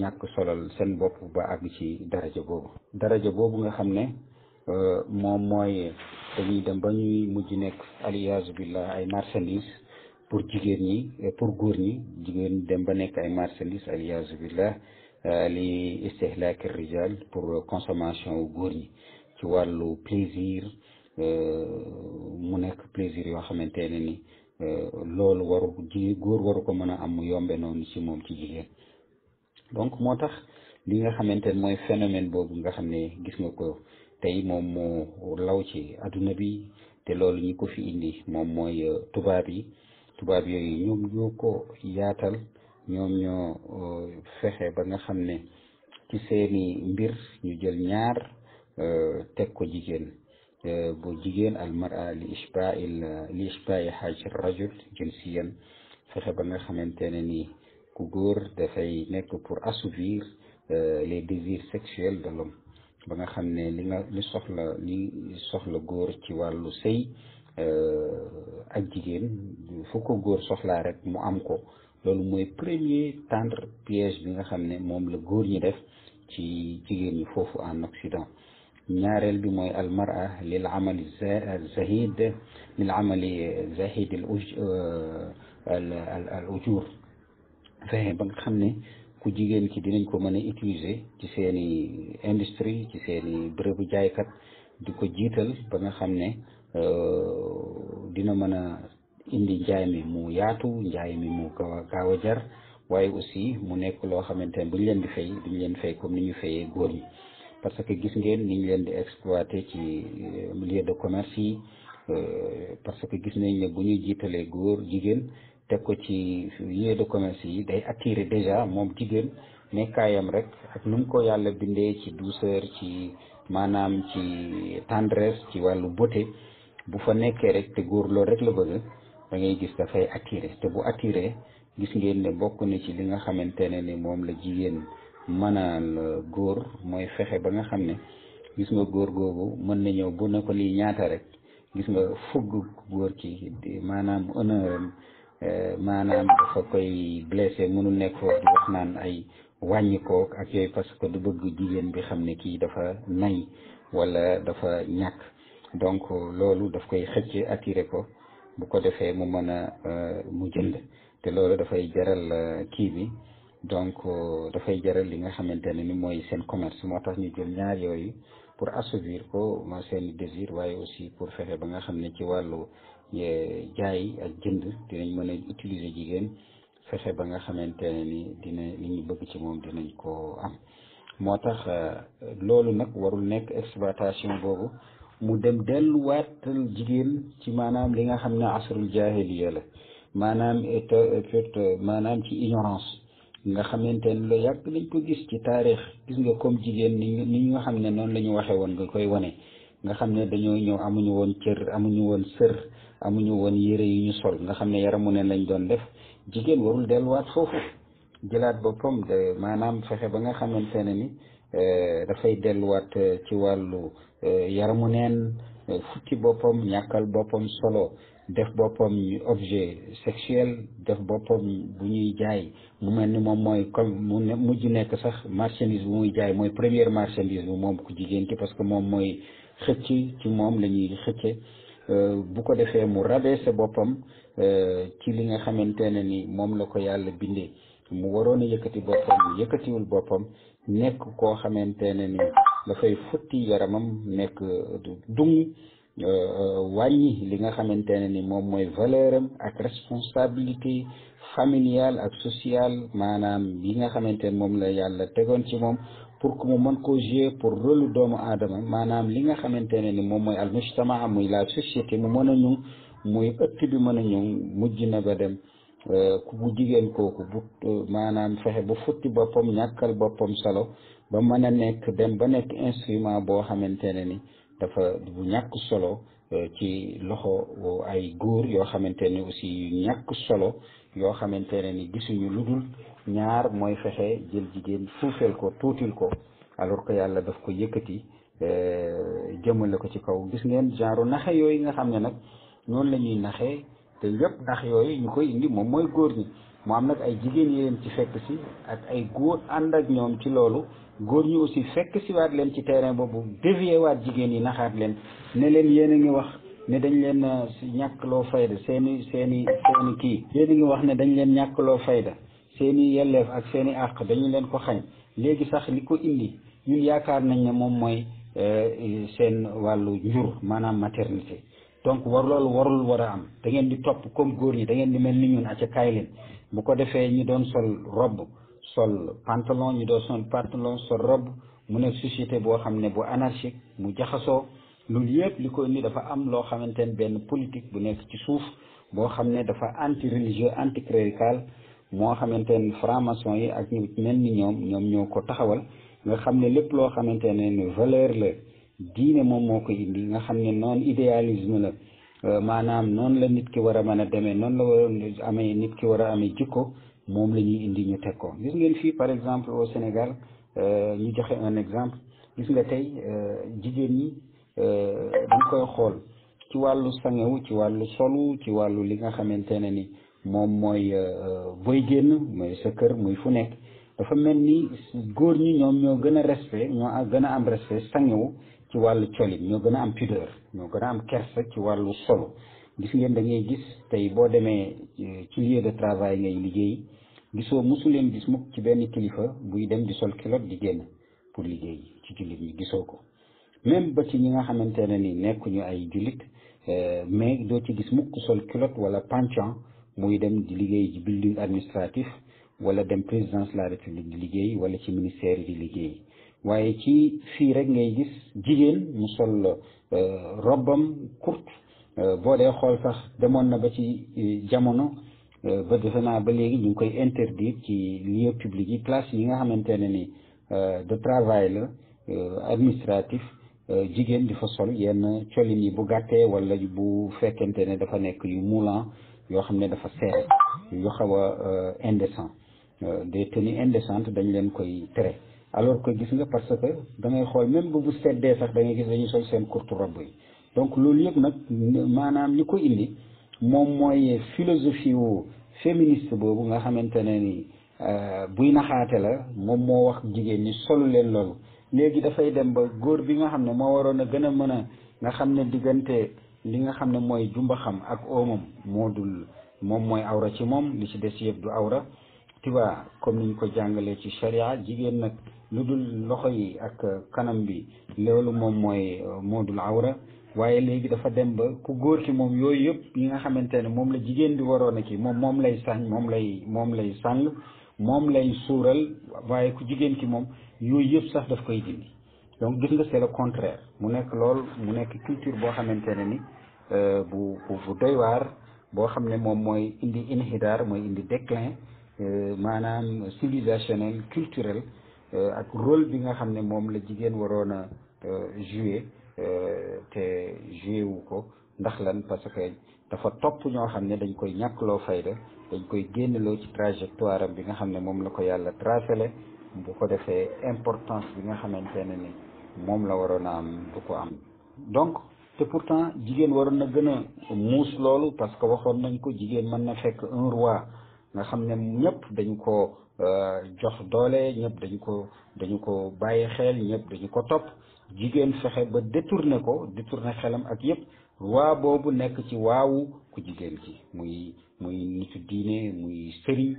ñàkk solal seen bopp ba àgg ci daraja boobu daraja boobu nga xam ne moom mooy dañuy dem ba ñuy mujj nekk aliyasu billah ay marchandise pour jigéen ñi euh, pour góor ñi jigéen dem ba nekk ay marchandises aliyasu billah euh, li istihlak rijal pour consommation wu góor ñi ci wàllu plaisir euh, mu nekk plaisir yoo xamante ne ni loolu waru ji góor waru ko mën a am mu yombe noonu ci moom ci jigéen donc moo tax li nga xamante ne mooy phénomène boobu nga xam ne gis nga ko tey moom moo law ci adduna bi te loolu ñi ko fi indi moom mooy tubaab yi tubaab yooyu ñoom ñoo ko yaatal ñoom ñoo fexe ba nga xam ne ci seeni mbir ñu jël ñaar teg ko jigéen e, bu jigéen almara li ishbail li ishbai xaaj rajul jinsiyan fexe ba nga xamante ne ni ku góor dafay nekk pour assouvir e, les désirs sexuels de l'homme ba nga xam ne li nga soxla li soxla góor ci wàllu sey Euh, ak jigéen fu góor soxlaa rek mu am ko loolu mooy premier tendre piège bi nga xam ne moom la góor ñi def ci jigéen ñi foofu en Occident ñaareel bi mooy almara lil amali zahid lil amali zahid euh, al al ujur fexe ba nga xam ne ku jigéen ki dinañ ko mën a utiliser ci seeni industrie ci seeni bërëbu jaaykat di ko jiital ba nga xam ne Euh, dina mën a indi njaay mi mu yaatu njaay mi mu gaaw a a jar waaye aussi mu nekk loo xamante ne bu leen di fay duñ leen fay comme ni ñu fayee góor ñi parce que gis ngeen ni ñu leen di exploité ci milieu euh, de commerce yi euh, parce que gis nañ ne bu ñu jiitalee góor jigéen teg ko ci milieu de commerce yi day attiré déjà moom jigéen nekkaayam rek ak nu ko yàlla bindee ci douceur ci maanaam ci tendresse ci wàllu beauté bu fa nekkee rek te góor loolu rek la bëgg da ngay gis dafay attiré te bu attiré gis ngeen ne bokk na ci li nga xamante ne ni moom la jigéen mënal euh, góor mooy fexe ba nga xam ne gis nga góor googu mën na ñëw bu ne ko lii ñaata rek gis nga fugg góor ki maanaam honneur euh, maanaam dafa koy blessé mënul nekk wax naan ay wàññi ak yooyu parce que du bëgg jigéen bi xam ne kii dafa nay wala dafa ñàkk donc loolu daf koy xëcc attiré ko bu ko defee mu mën a euh, mu jënd te loolu dafay jaral euh, kii bi donc euh, dafay jaral li nga xamante ne ni mooy seen commerce moo tax ñu jël ñaar yooyu pour assouvir ko ma seen désir waaye aussi pour fexe ba nga xam ne ci wàllu jaay ak jënd dinañ mën a utiliser jigéen fexe ba nga xamante ne ni dina li ñu bëgg ci moom dinañ ko am moo tax loolu nag warul nekk exploitation boobu mu dem waat jigéen ci maanaam li nga xam ne asrul jaahiliya la maanaam et maanaam ci ignorance nga xamante ne lu yàgg lañ ko gis ci taarix gis nga kom jigéen ni ñu nga xam ne noonu la ñu waxee woon nga koy wane nga xam ne dañoo ñëw amuñu woon cër amuñu woon sër amuñu woon yére yu ñu sol nga xam ne yaramu ne lañ doon def jigéen warul delluwaat foofu jëlaat boppam de maanaam fexe ba nga xamante ne ni Eh, dafay delluwaat eh, ci wàllu eh, yaramu neen fukki boppam ñàkkal boppam solo def boppam objet sexuel def boppam bu ñuy jaay mu mel ni moom mooy comme mu mujj nekk sax marchandise bu muy jaay mooy première marchandise bu moom ku jigéen ki parce que moom mooy xëcc ci moom la ñuy xëcce bu ko defee mu sa boppam ci li nga xamante ne ni moom la ko yàlla bindee mu waroon a yëkkati boppam yëkkatiwul boppam nekk koo xamante ne ni dafay futti yaramam nekk euh, dung euh, euh, wàññi li nga xamante ne ni moom mooy valeur am ak responsabilité familiale ak social maanaam yi nga xamante ne moom la yàlla tegoon ci moom pour que mu mën ko jouer pour rôle doomu aadama maanaam li nga xamante ne ni moom mooy al mujtamaa muy la société mu mën a ñëw muy ëtt bi mën a ñëw mujj na ba dem Euh, bu jigéen kooku bu euh, maanaam fexe ba futti boppam ñàkkal boppam solo ba mën a nekk dem ba nekk instrument boo xamante ne ni dafa bu ñàkk solo euh, ci loxo ay góor yoo xamante ne aussi yu ñàkk solo yoo xamante ne ni gisuñu lu dul ñaar mooy fexe jël jigéen fuufeel ko tuutil ko alors que yàlla daf ko yëkkati jëmale ko ci kaw gis ngeen genre naxe yooyu nga xam ne nag noonu lañuy ñuy naxee te yëpp ndax yooyu ñu koy indi moom mooy góor ñi mu am nag ay jigéen yeen ci fekk si ak ay góor ànd ak ñoom ci loolu góor ñi aussi fekk si waat leen ci terrain boobu dévier waat jigéen yi naxaat leen ne leen yéen a ngi wax ne dañ leen ñàkk loo fayda seeni seeni seeni kii yéen a ngi wax ne dañ leen ñàkk loo fayda seeni yelleef ak seeni àq dañu leen ko xañ léegi sax li ko indi ñun yaakaar nañ ne moom mooy euh, seen wàllu njur maanaam maternité donc war loolu warul war a am dangeen di topp comme góor ñi da ngeen di mel ni ñun acca kaay leen bu ko defee ñu doon sol robe sol pantalon ñi doon sol pantalon sol robe mu nekk société boo xam ne bu anarchique mu jaxasoo loolu yëpp li ko nii dafa am loo xamante ne benn politique bu nekk ci suuf boo xam ne dafa anti religieux anti clérical moo xamante ne franc yi ak ñu mel ni ñoom ñoom ñoo ko taxawal nga xam ne lépp loo xamante ne valeur la diine moom moo ko indi nga xam ne noonu idéalisme la euh, maanaam noonu la nit ki war a mën a demee noonu la waroon amee nit ki war a amee jikko moom la ñuy indi ñu teg ko gis ngeen fii par exemple au Sénégal euh, ñu joxe un exemple gis nga tey euh, jigéen ñi dañ koy xool ci wàllu sangewu ci wàllu solu ci wàllu li nga xamante ne ni moom mooy booy génn mooy sa kër muy fu nekk dafa mel ni góor ñi ñoom ñoo gën a respect ñoo gën a am respect sangewu ci wàllu colin ñoo gën a am pudeur ñoo gën a am kersa ci wàllu solo gis ngeen da gis tey boo demee eh, ci de travail ngay liggéey gisoo mosu leen gis mukk ci benn kilifa buy dem di sol kilote di génn pour liggéey ci jullit ñi gisoo ko même ba ci ñi nga xamante ne ni nekkuñu ay jullit eh, mais doo ci gis mukk sol kilote wala panchan muy dem di liggéey ci building administratif wala dem présidence de la république di liggéey wala ci ministère yi di liggéey waaye ci fii rek ngay gis jigéen mu sol euh, robbam courte euh, boo dee xool sax demoon na ba ci euh, jamono ba defe naa ba léegi ñu ngi koy interdire ci lieu public yi place yi nga xamante ne ni de travail la administratif jigéen di fa sol yenn colin yi bu gàttee wala bu fekkente ne dafa nekk yu moulant yoo xam ne dafa seere yu xaw a indécent des tenues indécentes dañ leen koy tere alors que gis nga parce que dangay ngay xool même bu bu seddee sax da ngay gis dañuy sol seen kurtu robb yi donc loolu yëpp nag maanaam li ko indi moom mooy philosophie wu féministe boobu nga xamante ne ni euh, buy naxaate la moom moo wax jigéen ñi solu leen loolu léegi dafay dem ba góor bi nga xam ne moo waroon a gën a mën a nga xam ne diggante li nga xam ne mooy jumba xam ak oomam moo dul moom mooy awra ci moom li ci des yëpp du awra tu vois comme niñ ko jàngalee ci charia jigéen nag lu dul loxo yi ak kanam bi loolu moom mooy euh, moo dul awra waaye léegi dafa dem ba ku góor ki moom yooyu yëpp yi nga xamante ne moom la jigéen di waroon a kii moom moom lay sañ moom lay moom lay sàng moom lay suural waaye ku jigéen ki moom yooyu yëpp sax daf koy dindi donc gis nga c'est le contraire mu nekk lool mu nekk culture boo xamante ne ni euh, bu bu doy waar boo xam ne moom mooy indi inhidaar mooy indi déclin euh, maanaam civilisationnel culturel Euh, ak rôle bi nga xam ne moom la jigéen waroon a euh, jouer euh, te jouer wu ko ndax lan parce que dafa topp ñoo xam ne dañ koy ñàkkloo fayda dañ koy génneloo ci trajectoire am bi nga xam ne moom la ko yàlla tracé bu ko defee importance bi nga xamante ne ni moom la waroon a am du ko am donc te pourtant jigéen waroon na gën a muus loolu parce que waxoon nañ ko jigéen mën na fekk un roi nga xam ne ñëpp dañu ko Euh, jox doole ñëpp dañu ko dañu ko bàyyi xel ñëpp dañu ko topp jigéen fexe ba détourné ko détourné xelam ak yëpp waa boobu nekk ci waawu ku jigéen ki muy muy nitu diine muy sëriñ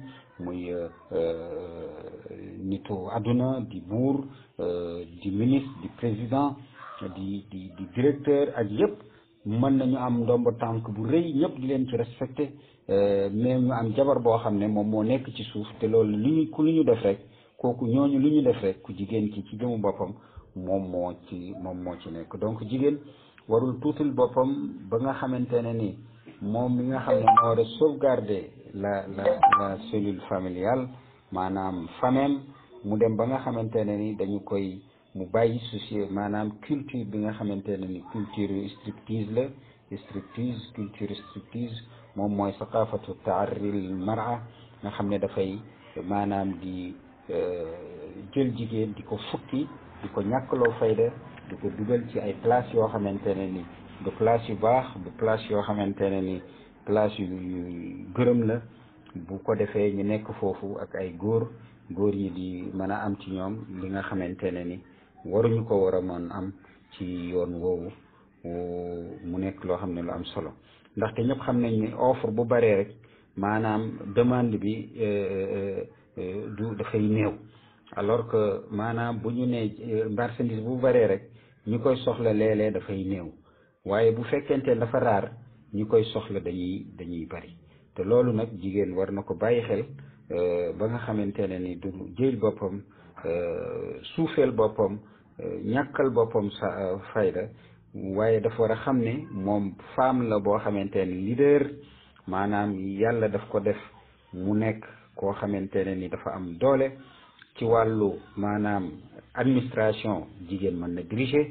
muy euh, euh, nitu àdduna di buur di ministre di président di di directeur ak yëpp mën nañu am ndomb tànk bu rëy ñëpp di leen ci respecté Euh, même ñu am jabar boo xam ne moom moo nekk ci suuf te loolu lu ñu ku lu ñu def rek kooku ñooñu lu ñu def rek ku jigéen ki ci jëmu boppam moom moo ci moom moo ci nekk donc jigéen warul tuutil boppam ba nga xamante ne ni moom mi nga xam ne la la la maanaam famem mu dem ba nga xamante ne ni dañu koy mu bàyyi soucier maanaam culture bi nga xamante ne ni culture striptease la striptease culture striptease moom mooy saqafatu taarril mara nga xam ne dafay maanaam di euh, jël jigéen di ko fukki di ko ñàkkloo fayda di ko dugal ci ay place yoo xamante ne ni du place yu baax du place yoo xamante ne ni place yu gërëm la bu ko defee ñu nekk foofu ak ay góor góor yi di mën a am ci ñoom li nga xamante ne ni waruñu ko war a mën am ci yoon woowu mu nekk loo xam ne lu am solo ndaxte ñëpp xam nañ ni offre bu baree rek maanaam demande bi euh, euh, euh, du dafay néew alors que maanaam bu ñu nee marchandise bu baree rek ñi koy soxla léeg-léeg dafay néew waaye bu fekkente dafa raar ñi koy soxla dañuy dañuy bari te loolu nag jigéen war na ko bàyyi xel ba nga xamante ne ni du jël boppam suufeel boppam ñàkkal boppam sa fayda waaye dafa war a xam ne moom femme la boo xamante ne leader maanaam yàlla daf ko def mu nekk koo xamante ne ni dafa am doole ci wàllu maanaam administration jigéen mën na diriger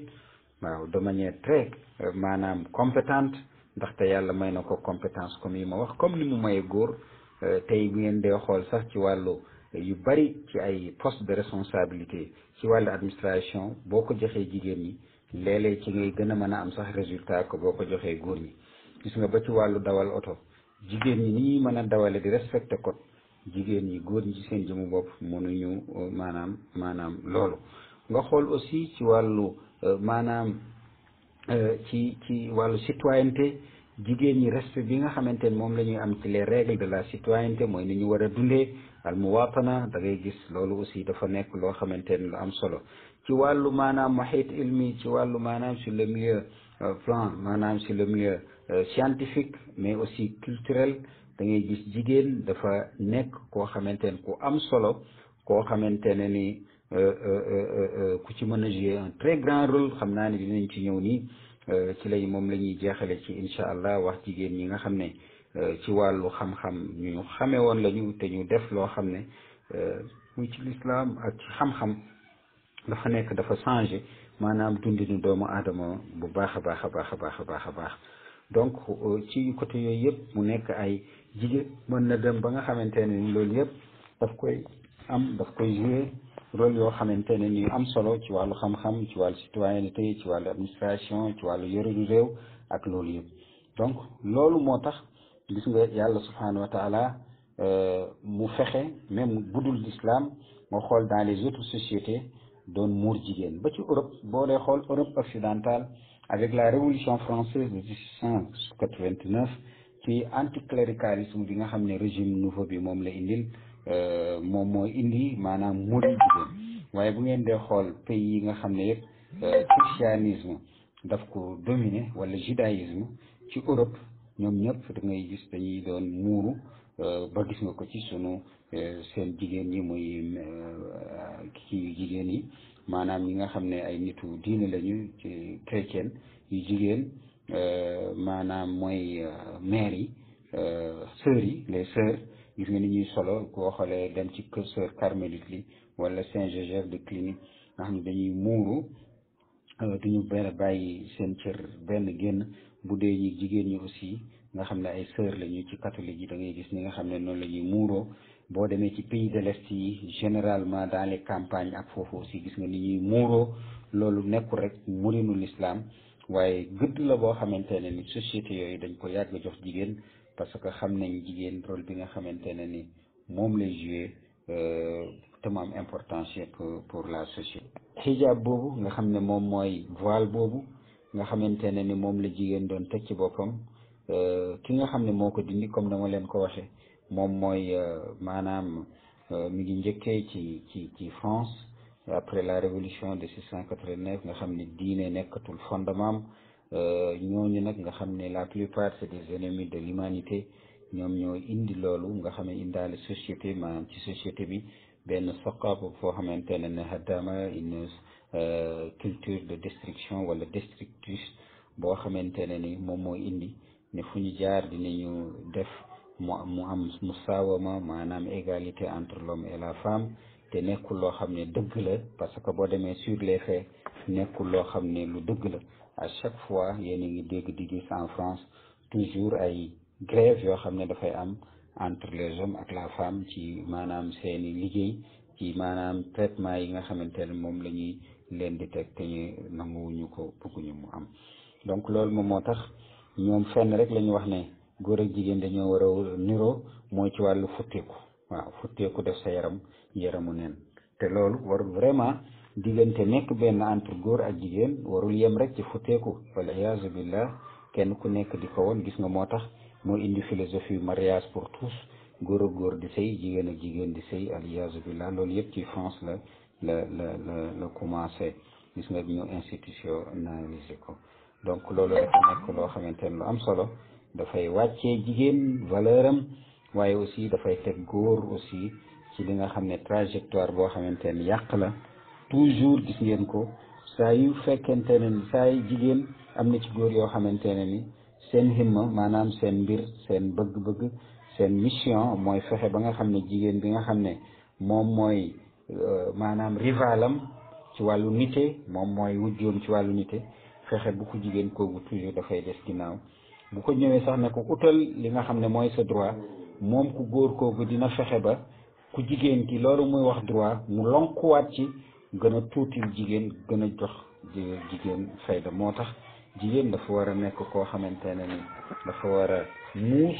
waaw de manière très euh, maanaam compétente ndaxte yàlla may na ko compétence comme yi ma wax comme ni mu maye góor euh, tey bu ngeen dee xool sax ci wàllu yu bari ci ay poste de responsabilité ci wàllu administration boo ko joxee jigéen ñi léeg ci ngay gën a mën am sax résultat ko boo ko joxee góor ñi gis nga ba ci wàllu dawal oto jigéen ñi ni ñuy mën a dawale di respecté code jigéen ñi góor ñi ci seen jëmu bopp ñu euh, maanaam maanaam loolu nga xool aussi ci wàllu euh, maanaam euh, ci ci wàllu citoyenneté jigéen ñi respect bi nga xamante ne moom la ñuy am ci les règles de la mooy ni ñu war a dundee al muwatana da ngay gis loolu aussi dafa nekk loo xamante ne lu am solo ci wàllu maanaam muhit ilmi ci wàllu maanaam sur le milieu euh, plan maanaam sur le milieu euh, scientifique mais aussi culturel da ngay gis jigéen dafa nekk koo xamante ne ku am solo koo xamante ne ni euh, ku ci mën a jouer un très grand xam naa ne dinañ ci ñëw nii ci lay moom la ñuy jeexale ci incha allah wax jigéen ñi nga xam ne ci wàllu xam-xam ñu xamee woon lañu te ñu def loo xam ne muy ci lislaam ak ci xam-xam dafa nekk dafa changé maanaam dundinu doomu aadama bu baax a baax a baax a baax a baax a baax donc euh, ci côté yooyu yëpp mu nekk ay jigéen mën na dem ba nga xamante ne ni loolu yëpp daf koy am daf koy joué rôle yoo xamante ne ni am solo ci wàllu xam-xam ci wàllu citoyenneté ci wàllu administration ci wàllu yorinu réew ak loolu yëpp donc loolu moo tax gis nga yàlla subhanahu wa taala euh, mu fexe même budul l'islam nga xool dans les autres sociétés doon muur jigéen ba ci Europe boo dee xool Europe occidentale avec la révolution française de 1789 ci anticléricalisme bi nga xam ne régime nouveau bi moom la indil euh, moom moo indi maanaam muri jigéen waaye bu ngeen dee xool pays yi nga xam ne yëpp euh, christianisme daf ko dominer wala judaïsme ci Europe ñoom ñëpp da ngay gis dañuy doon muuru euh, ba gis nga ko ci sunu seen jigéen mooy muy euh, kii jigéen yi maanaam ñi nga xam ne ay nitu diine lañu ci chrétien yu jigéen euh, maanaam mooy euh, mère yi sœurs yi les sœurs gis nga ni ñuy solo boo xoolee dem ci sœur carmélite li wala Saint Joseph de Cluny nga xam ne dañuy muuru duñu benn bàyyi seen cër benn génn bu dee ñi jigéen ñu aussi nga xam ne ay sœur lañu ci catholique yi da ngay gis ñi nga xam ne noonu la ñuy muuroo boo demee ci pays de l'Est yi généralement daal les campagnes ak foofu aussi gis nga ni ñuy muuroo loolu nekkul rek murinu lislaam waaye gëdd la boo xamante ne ni société yooyu dañ ko yàgg jox jigéen parce que xam nañ jigéen rôle bi nga xamante ne ni moom lay jouer euh, te mu am importance pour la société. hijab boobu nga xam ne moom mooy voile boobu nga xamante ne ni moom la jigéen doon teg ci boppam euh, ki nga xam ne moo ko dindi comme dama leen ko waxee. moom mooy euh, maanaam euh, mi ngi njëkkee ci ci ci France après la révolution de 689 nga xam ne diine nekkatul fondement euh, ñooñu nag nga xam ne la plupart c'est des ennemis de l'humanité ñoom ñoo indi loolu nga xam ne indaale société maanaam ci société bi benn soqab foo xamante ne ne haddama une culture de destruction wala destructrice boo xamante ne ni moom mooy indi ne fu ñu jaar ñu def mu am musawama maanaam égalité entre l'homme et la femme te nekkul loo xam ne dëgg la parce que boo demee sur les faits nekkul loo xam ne lu dëgg la à chaque fois yéen a ngi dégg di gis en France toujours ay grève yoo xam ne dafay am entre les hommes ak la femme ci maanaam seeni liggéey ci maanaam traitement yi nga xamante ne moom la ñuy leen di teg te ñu nanguwuñu ko bëgguñu mu am donc loolu moom moo tax ñoom fenn rek la ñu wax ne góor ak jigéen dañoo war a niroo mooy ci wàllu futteeku waaw futteeku def sa yaram yaramu neen te loolu war vraiment diggante nekk benn entre góor ak jigéen warul yem rek ci futteeku wala iyaazu billah kenn ku nekk di ko gis nga moo tax moo indi philosophie mariage pour góor góor di sëy jigéen ak jigéen di sëy al iyaazu billah loolu yëpp ci France la la la la la commencé gis nga ñu institutionnalisé ko donc loolu dafa nekk loo xamante ne lu am solo dafay wàcce jigéen valeur am waaye aussi dafay teg góor aussi ci li nga xam ne trajectoire boo xamante ne yàq la toujours gis ngeen ko saa yu fekkente ne ni saa yu jigéen am na ci góor yoo xamante ne ni seen himma maanaam seen mbir seen bëgg-bëgg seen mission mooy fexe ba nga xam ne jigéen bi nga xam ne moom mooy euh, maanaam rivalam ci wàllu nite moom mooy wujjoom ci wàllu nit fexe bu ko jigéen koogu toujours dafay des ginnaaw bu ko ñëwee sax ne ko utal li nga xam ne mooy sa droit moom ku góor kooku dina fexe ba ku jigéen ki loolu muy wax droit mu lonkuwaat ci gën a tuutil jigéen gën a jox jigéen fayda moo tax jigéen dafa war a nekk koo xamante ne ni dafa war a muus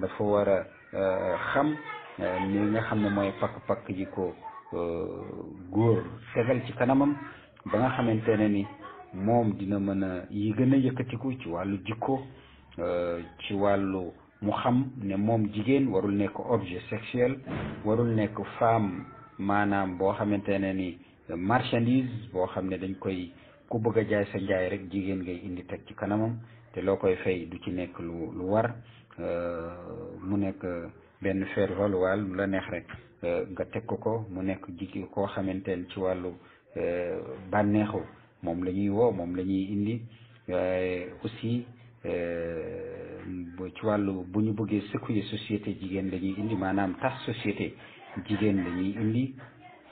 dafa war a euh, xam li euh, nga xam ne mooy pakk-pakk yi ko euh, góor tegal ci kanamam ba nga xamante ne ni moom dina mën a yi gën a yëkkatiku ci wàllu jikko Euh, ci wàllu mu xam ne moom jigéen warul nekk objet sexuel warul nekk femme maanaam boo xamante ne ni marchandise boo xam ne dañ koy ku bëgg a jaay sa njaay rek jigéen ngay indi teg ci kanamam te loo koy fay du ci nekk lu lu war euh, mu nekk benn fer valuwaal lu la neex rek euh, nga teg ko ko mu nekk jigéen koo xamante ci wàllu bànneexu moom la ñuy woo moom la ñuy indi aussi Euh, ci wàllu bu ñu bëggee secouer société jigéen la ñuy indi maanaam tas société jigéen la ñuy indi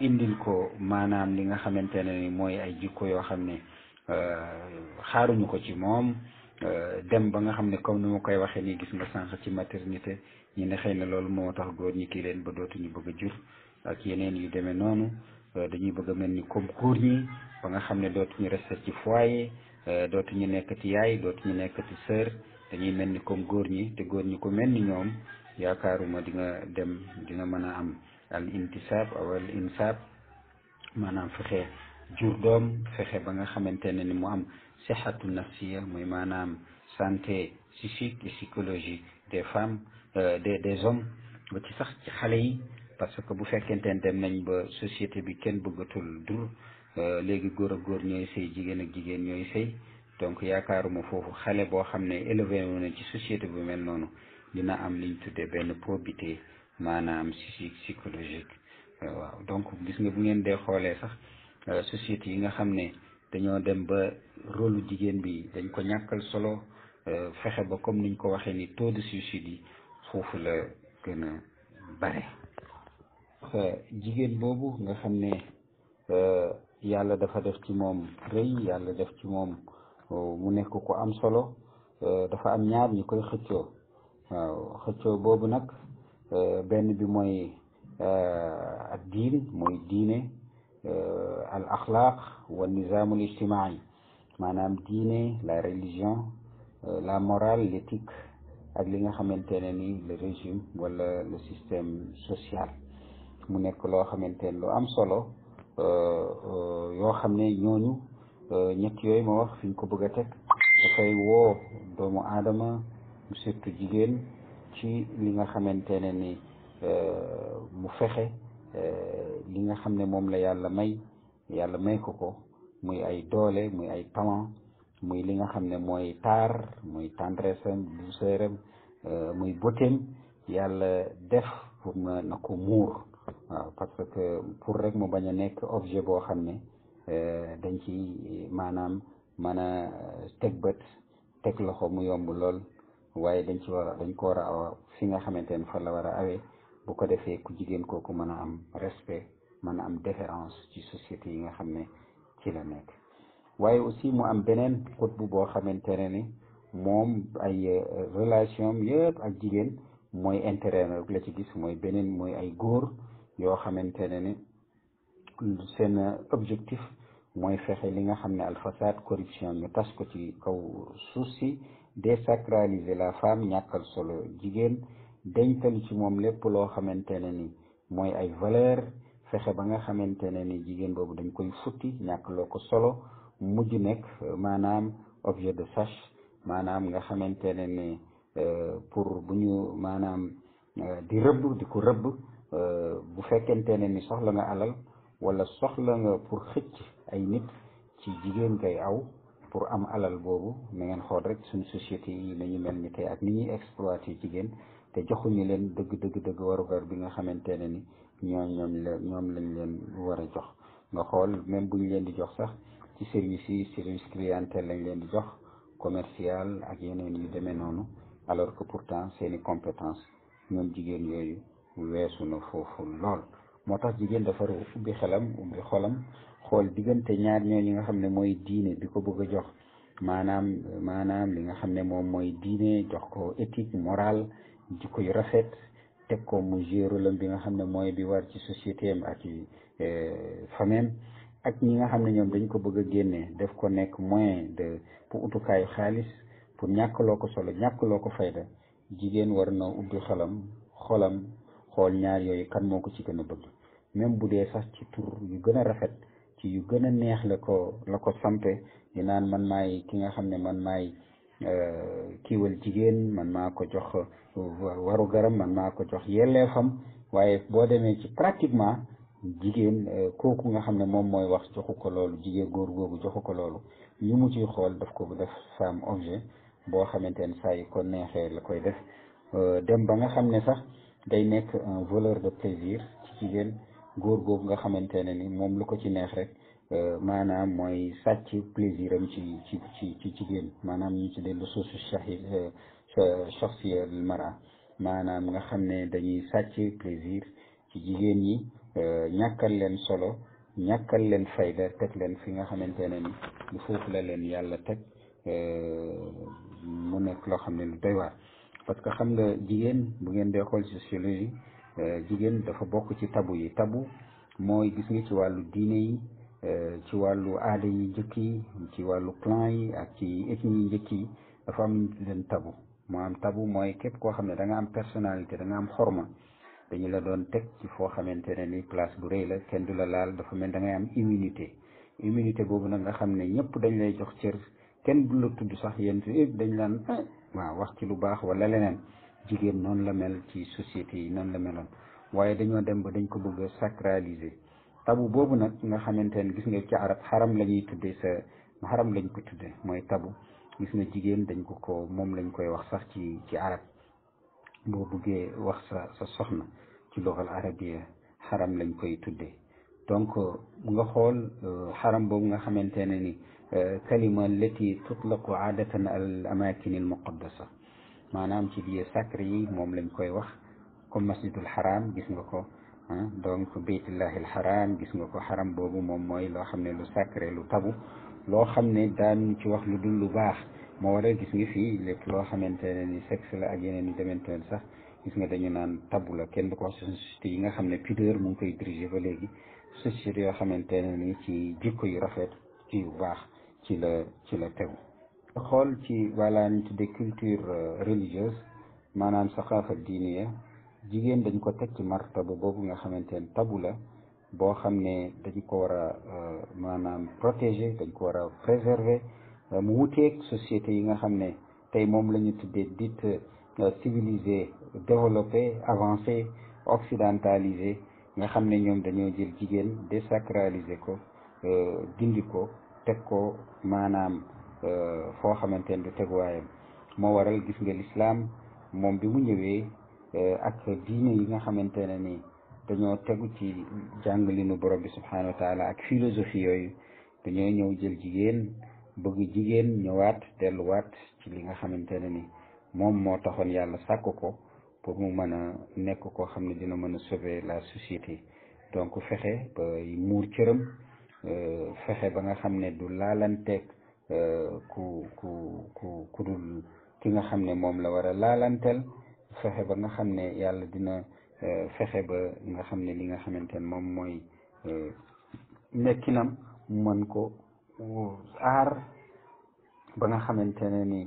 indil ko maanaam li nga xamante ne ni mooy ay jikko yoo xam ne euh, xaaruñu ko ci moom euh, dem ba nga xam ne comme nu ma koy waxee ni gis nga sànq ci maternité ñi ne xëy na loolu moo tax góor ñi kii leen ba dootuñu bëgg a jur ak yeneen yu demee noonu dañuy bëgg a mel ni comme góor ñi ba nga xam ne dootuñu resté ci foyer Euh, dootuñu nekkati yaay dootuñu nekkati sœur dañuy mel ni comme góor ñi te góor ñi ku mel ni ñoom yaakaaruma dinga dem di mën a am al intisaab aw al insaab maanaam fexe jur doom fexe ba nga xamante ne ni mu am sihatu nafsiya muy maanaam santé si et psychologique des femmes euh, des des hommes ba ci sax ci xale yi parce que bu fekkente ne dem nañ ba société bi kenn bëggatul dur Euh, léegi góor a góor ñooy sëy jigéen ak jigéen ñooy sëy donc yaakaaruma foofu xale boo xam ne élevé wu na ci société bu mel noonu dina am liñ tuddee benn probité maanaam psychique psychologique euh, waaw donc gis nga bu ngeen dee xoolee sax euh, société yi nga xam ne dañoo dem ba rôlu jigéen bi dañ ko ñàkkal solo fexe ba comme niñ ko waxee ni taux de suicide yi foofu la gën a bare jigéen boobu nga xam ne yàlla dafa def ci moom rëy yàlla def ci moom oh, mu nekk ko am solo eh, dafa am ñaar ñi koy xëccoo xëccoo boobu nag eh, benn bi mooy eh, ak diin mooy diine al axlaaq wa nizaamul ijtimaai maanaam diine la religion la morale l'éthique ak li nga xamante ne ni le régime wala le système social mu nekk loo xamante ne lu am solo Euh, euh, yoo xam ne ñooñu euh, ñett yooyu ma wax fi ko bëgg a teg dafay woo doomu aadama surtout jigéen ci li nga xamante ne ni mu fexe li nga xam ne moom la yàlla may yàlla may ko ko muy ay doole muy ay talent muy li nga xam ne mooy taar muy tendresse am douceur muy bëteem yàlla def pour na ko muur waaw parce que pour rek mo bañ a nekk objet boo xam ne euh, dañ ci maanaam mën a teg bët teg loxo mu yomb lool waaye dañ ci war dañ ko war a fi nga xamante ne fa la war a awee bu ko defee ku jigéen kooku mën a am respect mën am déférence ci société yi nga xam ne ci la nekk waaye aussi mu am beneen xutbu boo xamante ne ni moom ay euh, relation yëpp ak jigéen mooy intérêt rek la ci gis mooy beneen mooy ay góor yoo xamante ne ni seen objectif mooy fexe li nga xam ne alfasad corruption ñu tas ko ci kaw suuf si désacraliser la femme ñàkkal solo jigéen dencal ci moom lépp loo xamante ne ni mooy ay valeur fexe ba nga xamante ne ni jigéen boobu dañ koy futti ñàkk ko solo mujj nekk euh, maanaam objet de sache maanaam nga xamante ne ni euh, pour bu ñu maanaam euh, di rëbb di ko rëbb Euh, bu fekkente ne ni soxla nga alal wala soxla nga pour xëcc ay nit ci jigéen ngay aw pour am alal boobu na ngeen xool rek suñ société yi nañu mel ni tey ak ni ñuy exploité jigéen te joxuñu leen dëgg dëgg dëgg warugar bi nga xamante ne ni ñoo ñoom la ñoom lañ leen war a jox nga xool même buñ leen di jox sax ci service yi service clientèle lañ leen di jox commercial ak yeneen yu demee noonu alors que pourtant seeni compétence ñoom jigéen yooyu weesu na foofu lool moo tax jigéen dafa war a ubbi xelam ubbi xolam xool diggante ñaar ñooñu nga xam ne mooy diine bi ko bëgg a jox maanaam maanaam li nga xam ne moom mooy diine jox ko éthique morale jikko yu rafet teg ko mu gérolam bi nga xam ne mooy bi war ci société am ak i euh, famem ak ñi nga xam ne ñoom dañ ko bëgg a génne def ko nekk moyen de pour utukaayu xaalis pour ñàkk loo ko solo ñàkk loo ko fayda jigéen war noo ubbi xelam xolam xool ñaar yooyu kan moo ko ci gën a bëgg même bu dee sax ci tur yu gën a rafet ci yu gën a neex la ko la ko sampe di naan man maay ki nga xam ne man maay euh, kiiwal jigéen man maa ko jox waru garam man maa ko jox yelleefam waaye boo demee ci pratiquement jigéen euh, kooku nga xam ne moom mooy wax joxu ko loolu jigéen góor googu joxu ko loolu ñu mu ci xool daf ko def saam objet boo xamante ne saa yu ko neexee la koy def euh, dem ba nga xam ne sax day nekk un voleur de plaisir ci jigéen góor googu nga xamante ne ni moom lu ko ci neex rek euh, maanaam mooy sàcc plaisir am ci ci ci ci jigéen maanaam ñu ci dellu suusu shahid euh, shakhsiyal mara maanaam nga xam ne dañuy sàcc plaisir ci jigéen ñi euh, ñàkkal leen solo ñàkkal leen fayda teg leen fi nga xamante ne ni foofu la leen yàlla teg mu nekk loo xam ne lu doy waar parce que xam nga jigéen bu ngeen dee xool sociologie euh, jigéen dafa bokk ci tabu yi tabu mooy gis nga ci wàllu diine yi euh, ci wàllu aada yi njëkk yi ci wàllu clan yi ak ci ethnie yi njëkk yi dafa am leen tabu moo am tabu mooy képp koo xam ne da nga am personnalité danga am xorma dañu la doon teg ci foo xamante ne ni place bu rëy la kenn du la laal dafa mel da ngay am immunité immunité boobu nag nga xam ne ñëpp dañ lay jox cër kenn du la tudd sax yéen dañ laan eh, waaw wax ci lu baax wala leneen jigéen noonu la mel ci société yi noonu la meloon waaye dañoo dem ba dañ ko bëgg a sacraliser tabu boobu nag nga xamante ne gis nga ci arab xaram la ñuy tuddee sa xaram lañ ko tuddee mooy tabu gis nga jigéen dañ ko ko moom lañ koy wax sax ci ci arab boo bëggee wax sa sa soxna ci loxal arabiya xaram lañ koy tuddee donc nga xool euh, xaram boobu nga xamante ne kalima allati tutlaqu aadatan al amakin al muqaddasa maanaam ci biir sacré yi moom lañ koy wax comme masjidul haram gis nga ko donc baytullahi al haram gis nga ko haram boobu moom mooy loo xam ne lu sacré lu tabu loo xam ne daan ci wax lu dul lu baax moo waral gis fi fii loo xamante ne ni sexe la ak yeneen yu demante ne sax gis nga dañu naan tabu la kenn du ko wax société yi nga xam ne pudeur mu ngi koy diriger ba léegi société yoo xamante ne ni ci jikko yu rafet ci yu baax ci la ci la tew xool ci wala ñu tuddee culture euh, religieuse maanaam saxaafa diiniya jigéen dañ ko teg ci martaba boobu nga xamante ne tabu la boo xam ne dañ ko war a euh, maanaam protéger dañ ko war a préserver euh, mu wuteeg société yi nga xam ne tey moom la ñu tuddee dit civilisé développé avancé occidentalisé nga xam ne ñoom dañoo jël jigéen désacraliser ko dindi ko teg ko maanaam euh, foo xamante ne du teguwaayam moo waral gis nga lislaam moom bi mu ñëwee euh, ak diine yi nga xamante ne ni dañoo tegu ci jàngalinu nu bi subhanahu wa taala ak philosophie yooyu dañoo ñëw jël jigéen bëgg jigéen ñëwaat delluwaat ci li nga xamante ne ni moom moo taxoon yàlla sàkk ko pour mu mën a nekk koo xam ne dina mën a sauver la société donc fexe ba muur cëram Euh, fexe ba nga xam ne du laalanteeg euh, ku ku ku ku ki nga xam ne moom la war a laalanteel fexe ba nga xam ne yàlla dina euh, fexe ba nga xam ne li nga xamante ne moom mooy nekkinam mën ko aar ba nga xamante ne ni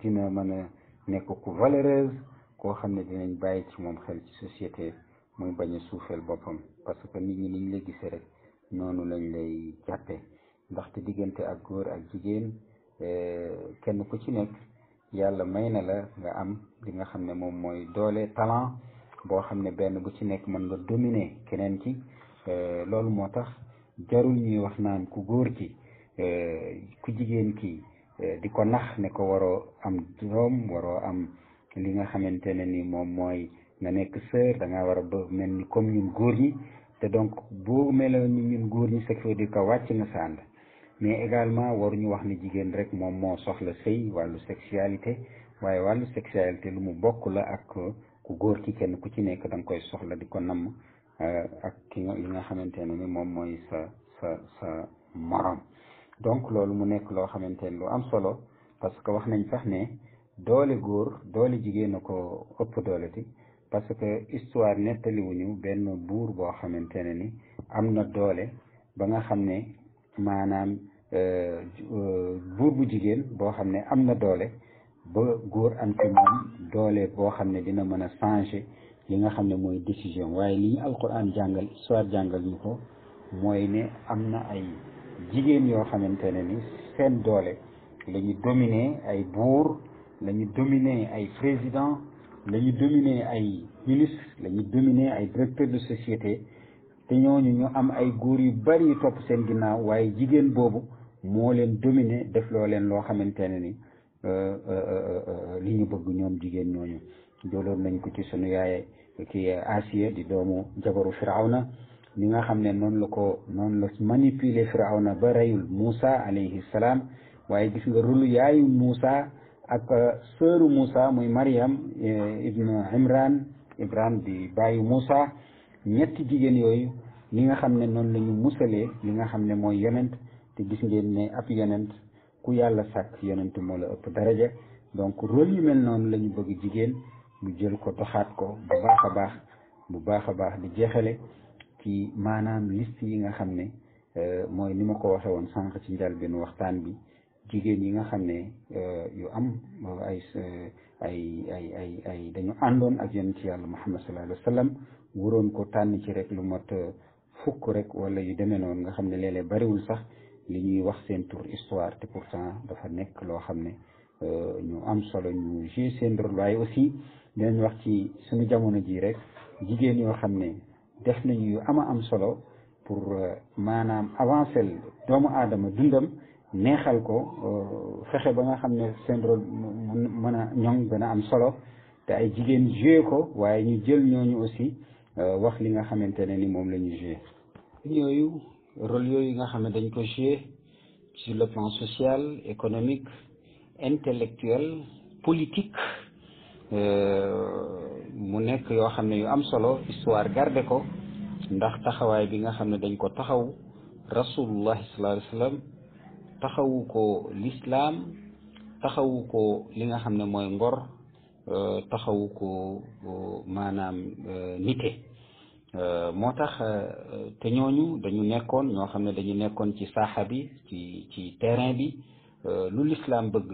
dina mën nekk ku valeureuse koo xam ne dinañ bàyyi ci moom xel ci société muy bañ a suufeel boppam parce que nit ñi niñ la gisee rek noonu lañ lay jàppee ndaxte diggante ak góor ak jigéen eh, kenn ku ci nekk yàlla may na la nga am li nga xam ne moom mooy doole talent boo xam ne benn bu ci nekk mën nga dominer keneen ci eh, loolu moo tax jarul ñuy wax naan ku góor ki eh, ku jigéen ki di ko nax ne ko waroo am doom waroo am li nga xamante ne ni moom mooy nga nekk sœur da ngaa war a ba mel ni comme ñun góor ñi te donc boo meloon ni ñun góor ñi c'est di ko wàcc nga sa ànd également waruñu wax ni jigéen rek moom moo soxla sëy wàllu sexualité waaye wàllu sexualité lu mu bokk la ak ku góor ki kenn ku ci nekk danga koy soxla di ko namm euh, ak ki nga li nga xamante ne ni moom mooy sa sa sa morom donc loolu mu nekk loo xamante ne lu am solo parce que wax nañ sax ne doole góor doole jigéen ko ëpp doole ti parce que histoire nettaliwuñu benn buur boo xamante ne ni am na doole ba nga xam ne maanaam euh, euh, buur bu jigéen boo xam ne am na doole ba góor am ci moom doole boo xam ne dina mën a changer li nga xam ne mooy décision waaye li ñu alquran jàngal histoire jàngal ñu ko mooy ne am na ay jigéen yoo xamante ne ni seen doole la ñu ay buur la ñu ay président la ñu ay ministre la ñu dominer ay directeur de société te ñooñu ñu am ay góor yu bari yu topp seen ginnaaw waaye jigéen boobu moo leen dominer def loo leen loo xamante ne ni euh, euh, euh, li ñu bëgg ñoom jigéen ñooñu joloon nañ ko ci sunu yaay ki Asiya di doomu jabaru Firawna ni nga xam ne noonu la ko noonu la manipuler Firawna ba reyul Moussa alayhi salaam waaye gis nga rôlu yaayu Moussa ak eh, sœuru Moussa muy mariyam eh, ibnu Imran Imran di bàyyi Moussa ñetti jigéen yooyu li nga xam ne noonu lañu ñu musalee li nga xam ne mooy yonent te gis ngeen ne ab yonent ku yàlla sàkk yonent moo la ëpp daraja donc rôle yu mel noonu lañu bëgg jigéen mu jël ko doxaat ko bu baax a baax bu baax a baax di jeexale ci maanaam liste yi nga xam ne eh, mooy ni ma ko waxee woon sànq ci njëlbéenu waxtaan bi jigéen yi nga xam ne euh, yu am ay ay ay ay ay dañu àndoon ak yonent yàlla Muhammad sallallahu alayhi wa sallam waroon ko tànn ci rek lu mot euh, fukk rek wala yu demee noonu nga xam ne léeg-léeg bariwul sax li ñuy wax seen tur histoire te pourtant dafa nekk loo xam ne euh, ñu am solo ñu joué seen rôle waaye aussi dinañ wax ci suñu jamono ji rek jigéen yoo xam ne def nañu yu ama am solo pour maanaam avancer doomu aadama dundam neexal ko euh, fexe ba nga xam ne seen rôle mën a ñoŋ gën a am solo te ay jigéen joué ko waaye ñu jël ñooñu aussi euh, wax li nga xamante ne ni moom la ñu joué. yooyu rôle yooyu nga xam ne dañ ko joué sur le plan social économique intellectuel politique euh, mu nekk yoo xam ne yu am solo histoire garde ko ndax taxawaay bi nga xam ne dañ ko taxaw rasulullah sallallahu alayhi taxawu ko lislaam taxawu ko li nga xam ne mooy ngor euh, taxawu ko euh, maanaam euh, nite moo tax te ñooñu dañu nekkoon ñoo xam ne dañu nekkoon ci saaxa bi ci ci terrain bi lu lislaam bëgg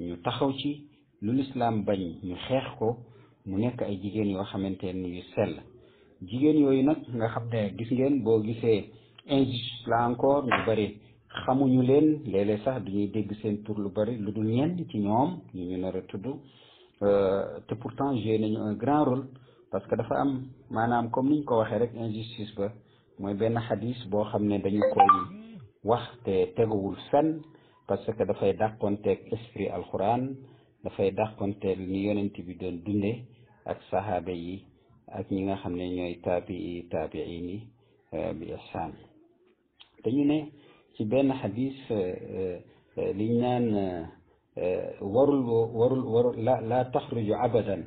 ñu taxaw ci lu lislaam bañ ñu xeex ko mu nekk ay jigéen yoo xamante ni yu sell jigéen yooyu nag nga xam ne gis ngeen boo gisee injustice la encore ñu bari xamuñu leen léeg-léeg sax du dégg seen tur lu bari lu dul ñenn ci ñoom ñu ñu nar a tudd euh, te pourtant joué nañu un grand rôle parce que dafa am maanaam comme ñu ko waxee rek injustice ba mooy benn xadis boo xam ne dañu koy wax te teguwul fen parce que dafay dàqonteeg esprit alquran dafay dàqonteel ni yonent bi doon dunde ak sahaaba yi ak ñi nga xam ne ñooy taabii taabiin yi euh, bi ihsaan dañu ne ci benn xadis euh, euh, euh, liñ waru warul warul warul la laa taxruju abadan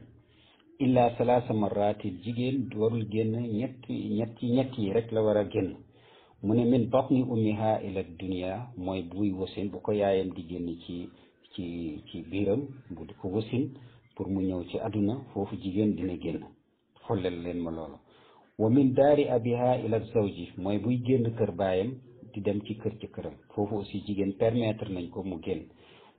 illa salaasa marraati jigéen warul génn ñetti ñetti ñett yi rek la war a génn ne min batni ummiha ila dunia mooy buy wasin bu ko yaayam di génn ci ci ci biiram bu di ko wasin pour mu ñëw ci àdduna foofu jigéen dina génn xollel leen ma loolu wa min daari abiha ila zawji mooy buy génn kër baayam di dem ci kër jëkkëram foofu aussi jigéen permettre nañ ko mu génn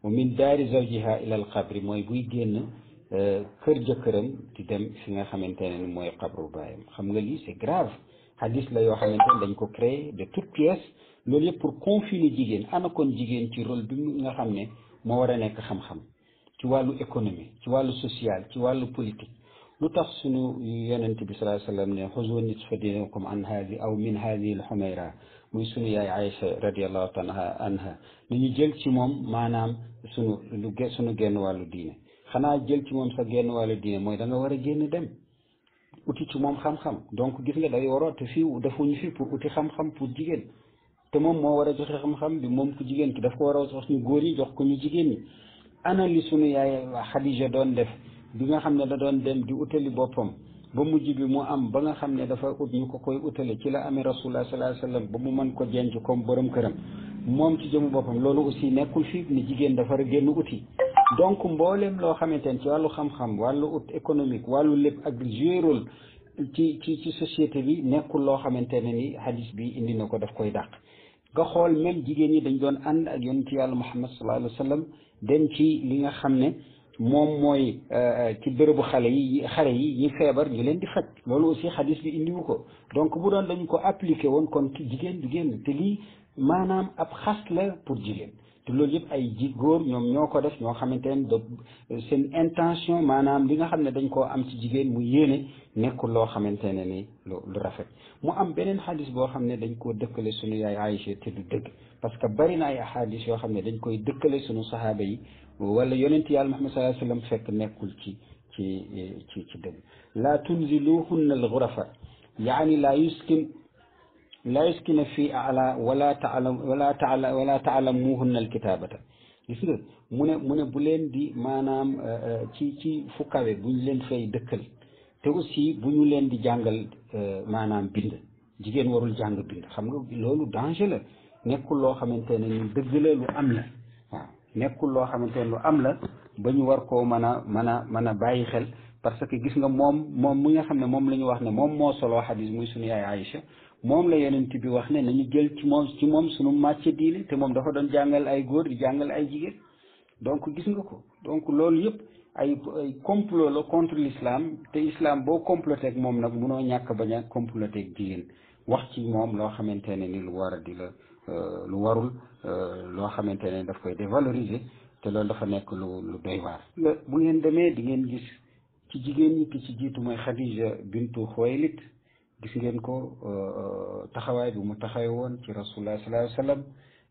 mu min daari zawjiha ilal xabri mooy buy génn euh, kër jëkkëram di dem fi nga xamante ne mooy xabru baayam xam nga lii c'est grave hadis la yoo xamante ne dañ ko créé de toutes pièces loolu yëpp pour confiner jigéen ana kon jigéen ci role bi nga xam ne moo war a nekk xam-xam ci wàllu économie ci wàllu sociale ci wàllu politique lu tax suñu yonent bi sallallahu alayhi wa sallam ne xuzu nisfa dinakum an haadi aw min haadihi al xumayra muy sunu yaay ay Aïcha radiallahu taala anha ni ñu jël ci moom maanaam sunu lu sunu genn wàllu diine xanaa jël ci moom sa genn wàllu diine mooy da war a génn dem uti ci moom xam-xam donc gis nga day waroo te fii defuñu fi pour uti xam-xam pour jigéen te moom moo war a joxe xam-xam bi moom ku jigéen ki daf ko war a jox ñu góor yi jox ko ñu jigéen ñi ana li sunu yaay Xadija doon def bi nga xam ne da doon dem di utali boppam ba mu bi mu am ba nga xam ne dafa ut ñu ko koy utale ci la amee rasulullah sallallahu alayhi ba mu mën ko jenc comme borom këram moom ci jëmu boppam loolu aussi nekkul fii ni jigéen dafa génn uti donc mbooleem loo xamante ne ci wàllu xam-xam wàllu ut économique wàllu lépp ak jouer ci ci ci société bi nekkul loo xamante ne ni hadis bi indi na ko daf koy dàq nga xool même jigéen ñi dañ doon ànd ak ci yàlla Muhammad sallallahu alayhi wasallam dem ci li nga xam ne moom mooy euh, ci bërëbu xale yi xale yi ñi feebar ñu leen di faj loolu aussi xadis bi indiwu ko donc bu doon dañ ko appliqué woon kon ki jigéen du génn te lii maanaam ab xas la pour jigéen te loolu yëpp ay ji góor ñoom ñoo ko def ñoo xamante ne de seen intention maanaam li nga xam ne dañ koo am ci jigéen mu yéene nekkul loo xamante ne ni lu lu rafet mu am beneen xaalis boo xam ne dañ koo dëkkale suñu yaay Aïcha te du dëgg parce que bari na ay xadis yoo xam ne dañ koy dëkkale suñu saxaaba yi wala yonent yàlla Muhammad sallallahu alayhi wasallam fekk nekkul ci ci ci ci dëgg laa tunziluhunna al-ghurafa yaani laa yuskin laa yuskina fii ala wala taalam wala taala wala taalamuhunna al-kitaabata gis nga mu ne mu ne bu leen di maanaam euh, euh, ci ci fu kawe bu ñu leen fay dëkkal te aussi bu ñu leen di jàngal euh, maanaam bind jigéen warul jàng bind xam nga loolu danger la nekkul loo xamante ne ñun dëgg la am la nekkul loo xamante ne lu am la ba ñu war koo mën a mën a mën a bàyyi xel parce que gis nga moom moom mu nga xam ne moom la ñu wax ne moom moo soloo xadis muy suñu yaay Aïcha moom la yonent bi wax ne nañu jël moom ci moom suñu màcce diine te moom dafa doon jàngal ay góor di jàngal ay jigéen donc gis nga ko donc loolu yëpp ay ay complot la contre l'islam te islam boo comploté ak moom nag munoo ñàkk bañ a comploté ak jigéen wax ci moom loo xamante ne ni lu war a di la Euh, lu warul euh, loo xamante ne daf koy de dévaloriser te loolu dafa nekk lu lu doy waar. bu ngeen demee di ngeen gis ci jigéen ñi ki ci jiitu mooy Khadija bintu Xuwaylit gis ngeen ko euh, taxawaay bi mu taxawee woon ci rasulullah sallallahu alayhi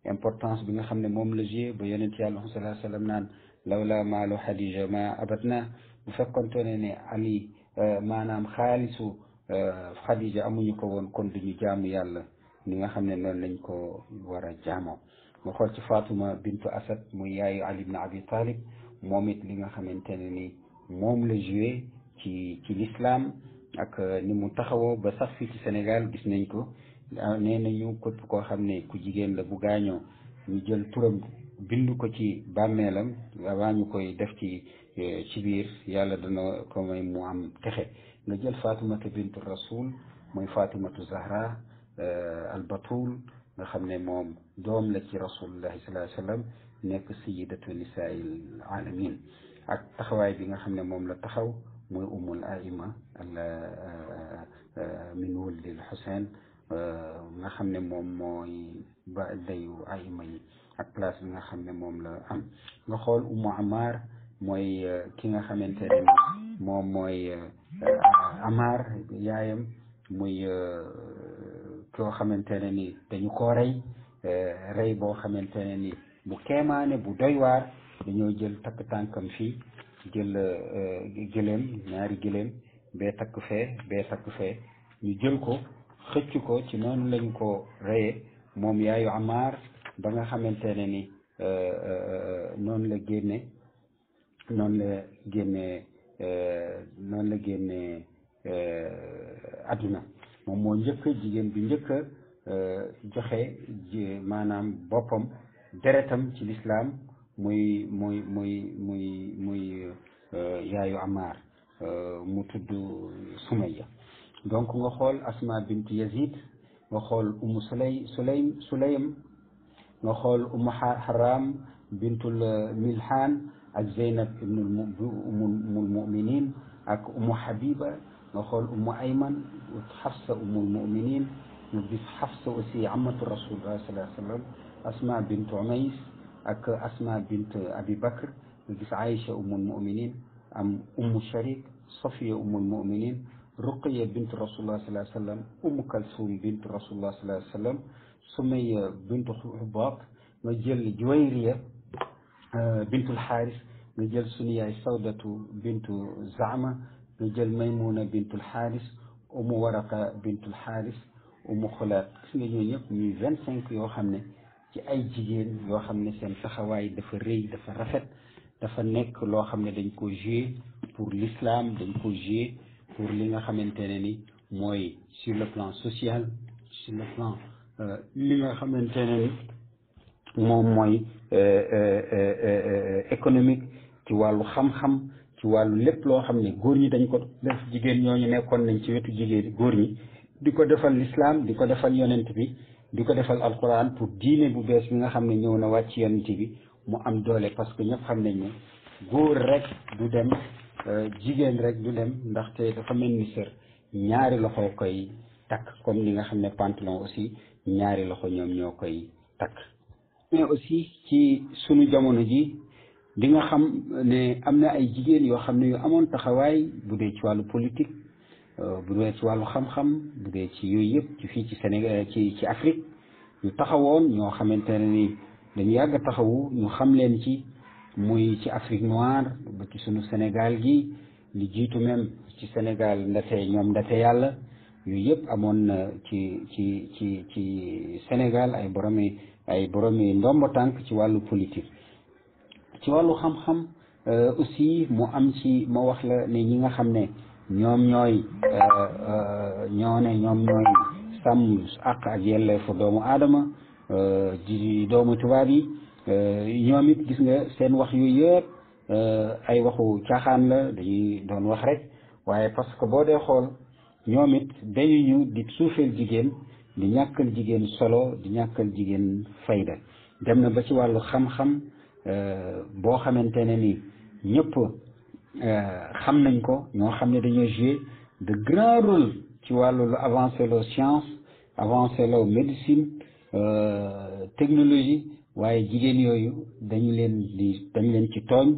importance bi nga xam ne moom la joué ba yonent yàlla sallallahu alayhi wa sallam naan lawla maalu Khadija ma abat na bu fekkonte ne ne Ali maanaam xaalisu Khadija amuñu ko woon kon duñu jaamu yàlla. li nga xam ne noonu lañ ko war a jaamoo nga xool ci Fatuma bintu Asad muy yaayu Ali ibn Abi Talib moom it li nga xamante ne ni moom la joué ci ci l'islam ak euh, ni mu taxawoo ba sax fii ci Sénégal gis nañ ko ah, nee nañu képp koo xam ne ku jigéen la bu gaañoo ñu jël turam bind ko ci bàmmeelam avant ñu koy def ci euh, ci biir yàlla dana ko may mu am texe nga jël Fatumata bintu Rasul mooy Fatumatu Zahra Euh, albatul nga xam ne moom doom la ci rasulullahi sallallahu alayhi wa sallam nekk sayidatu nisaa'il alamin ak taxawaay bi nga xam ne moom la taxaw mooy umul aima al euh, euh, min wuldil Xuseyn nga xam ne moom mooy ba dayu aima ak place bi nga xam ne moom la am nga xool umu amar mooy ki nga xamante ne moom mooy amar yaayam muy koo xamante ne ni dañu koo rey eh, rey boo xamante ne ni bu keemaane bu doy waar dañoo jël takk tànkam fii jël eh, gëléem ñaari gëléem bee takk fee bee takk fee ñu jël ko xëcc ko ci noonu lañu ko reyee moom yaayu amaar ba nga xamante ne ni eh, noonu la génne noonu la génne noonu la génne adduna moom moo njëkk a jigéen bi njëkk a euh, joxe ji maanaam boppam deretam ci lislaam muy muy muy muy muy euh, yaayu Amar euh, mu tudd Sumayya donc nga xool Asma bint Yazid nga xool Umu Sulay Sulaym Sulaym nga xool Umu Haram bintul Milhan ak Zeynab ibnul Umul Muminin ak Umu Habiba nga xool ummu ayman xafsa ummul muminin ñu gis xafsa aussi amatu rasulullah sallallahu alayhi wa sallam asma bint umays ak asma bint abi bakr ñu gis aïcha ummul muminin am ummu sharik safiya ummul muminin ruqiya bint rasulullah sallallahu alayhi wa sallam ummu kalsum bint rasulullah sallallahu alayhi wa sallam sumaya bint xubaab nga jël juwayriya euh, bintul xaaris nga jël sunu yaay sawdatu bintu zaama ñu jël maymuna bintul xaaris umu waraqa bintul xaaris umu xulaat gis nga ñooñu ñëpp ñuy vingt cinq yoo xam ne ci ay jigéen yoo xam ne seen taxawaay dafa rëy dafa rafet dafa nekk loo xam ne dañ ko joué pour l'islam dañ ko pour li nga xamante ne ni mooy sur le plan social sur euh, nga xamante ne ni moom mooy euh, euh, économique ci wàllu xam-xam ci wàllu lépp loo xam ne góor ñi dañ ko def jigéen ñooñu nekkoon nañ ci wetu jigéen góor ñi di ko defal lislaam di ko defal yonent bi di ko defal alquran pour diine bu bees bi nga xam ne ñëw na wàcc yonent bi mu am doole parce que ñëpp xam nañ ne góor rek du dem euh, jigéen rek du dem ndaxte dafa mel ni sër ñaari loxo koy takk comme ni nga xam ne pantalon aussi ñaari loxo ñoom ñoo koy takk aussi ci sunu jamono ji di nga xam ne am na ay jigéen yoo xam ne yu amoon taxawaay bu dee ci wàllu politique euh, bu dee ci wàllu xam-xam bu dee ci yooyu yëpp ci fii ci Sénégal ci ci Afrique yu taxawoon ñoo xamante ne ni dañu yàgg taxawu ñu xam leen ci muy ci Afrique noire ba ci sunu Sénégal gi li jiitu même ci Sénégal ndate ñoom ndate yàlla yooyu yëpp amoon na ci ci ci ci Sénégal ay boromi ay boromi ndombo tànk ci wàllu politique. ci wàllu xam-xam euh, aussi mu am ci ma wax la ne ñi nga xam ne ñoom ñooy euh, euh, ñoo ñoom ñooy sàmm àq ak yelleefu doomu aadama ji doomu tubaab yi ñoom it gis nga seen wax yu yëpp ay waxu caaxaan la dañuy doon wax rek waaye parce que boo dee xool ñoom it dañuñu di suufeel jigéen di ñàkkal jigéen solo di ñàkkal jigéen fayda dem na ba ci wàllu xam-xam Euh, boo xamante ne ni ñëpp euh, xam nañ ko ñoo xam ne dañoo joué de grand rôle ci wàllu lu avancé loo science avancé loo médecine euh, technologie waaye jigéen yooyu dañu leen di dañu leen ci tooñ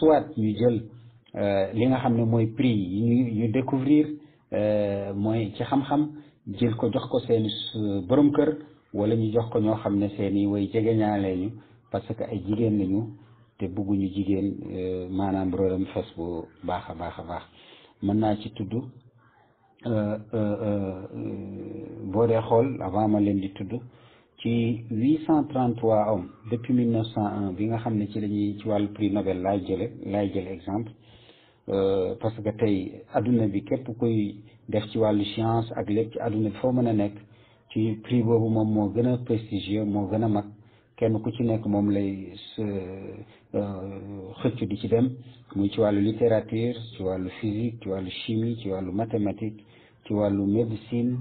soit ñu jël li nga xam ne mooy prix yi ñu ñu découvrir mooy ci xam-xam jël ko jox ko seen borom kër wala ñu jox ko ñoo xam ne seen i way jege ñaalee ñu parce que ay jigéen lañu te bëgguñu jigéen euh, maanaam rolam fes bu baax a baax a baax mën naa ci tudd euh, euh, boo dee xool avant ma leen di tudd ci 833 hommes depuis 1901 bi nga xam ne ci lañuy ci wàllu prix Nobel laay jële laay jël exemple parce que tey adduna bi képp koy def ci wàllu science ak lépp ci adduna bi foo mën a nekk ci prix boobu moom moo gën a prestigieux moo gën a mag kenn ku ci nekk moom lay euh, euh, xëcc di ci dem muy ci wàllu littérature ci wàllu physique ci wàllu chimie ci wàllu mathématique ci wàllu médecine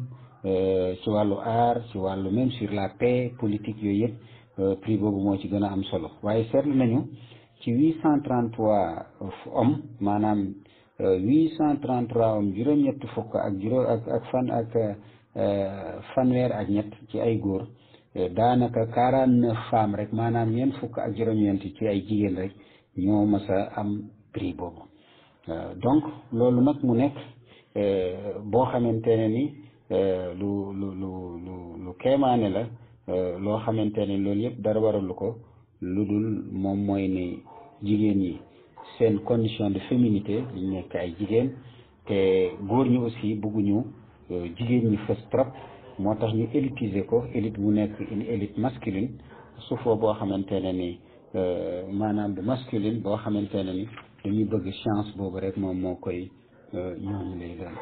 euh, ci wàllu art ci wàllu même sur la paix politique yooyu yëpp prix boobu moo ci gën a am solo waaye seetlu nañu ci 833 hommes maanaam 833 hommes juróom-ñett fukk ak juróom ak ak fan ak fanweer ak ñett ci ay góor daanaka quarante na femmes rek maanaam ñeent fukk ak juróom-ñeent ci ay jigéen rek ñoo mas a am prix boobu euh, donc loolu nag mu nekk euh, boo xamante ne ni euh, lu lu lu lu lu keemaane la loo xamante ne loolu yëpp dara waralu ko lu dul moom mooy ne jigéen ñi seen condition de féminité ñu nekk ay jigéen te góor ñi aussi bëgguñu jigéen ñi fës trop moo tax ñu élitiser ko élite bu nekk une élite masculine suufoo boo xamante ne ni euh, maanaam bu masculine boo xamante ne ni dañuy bëgg chance boobu rek moom moo koy ñooñu lay doon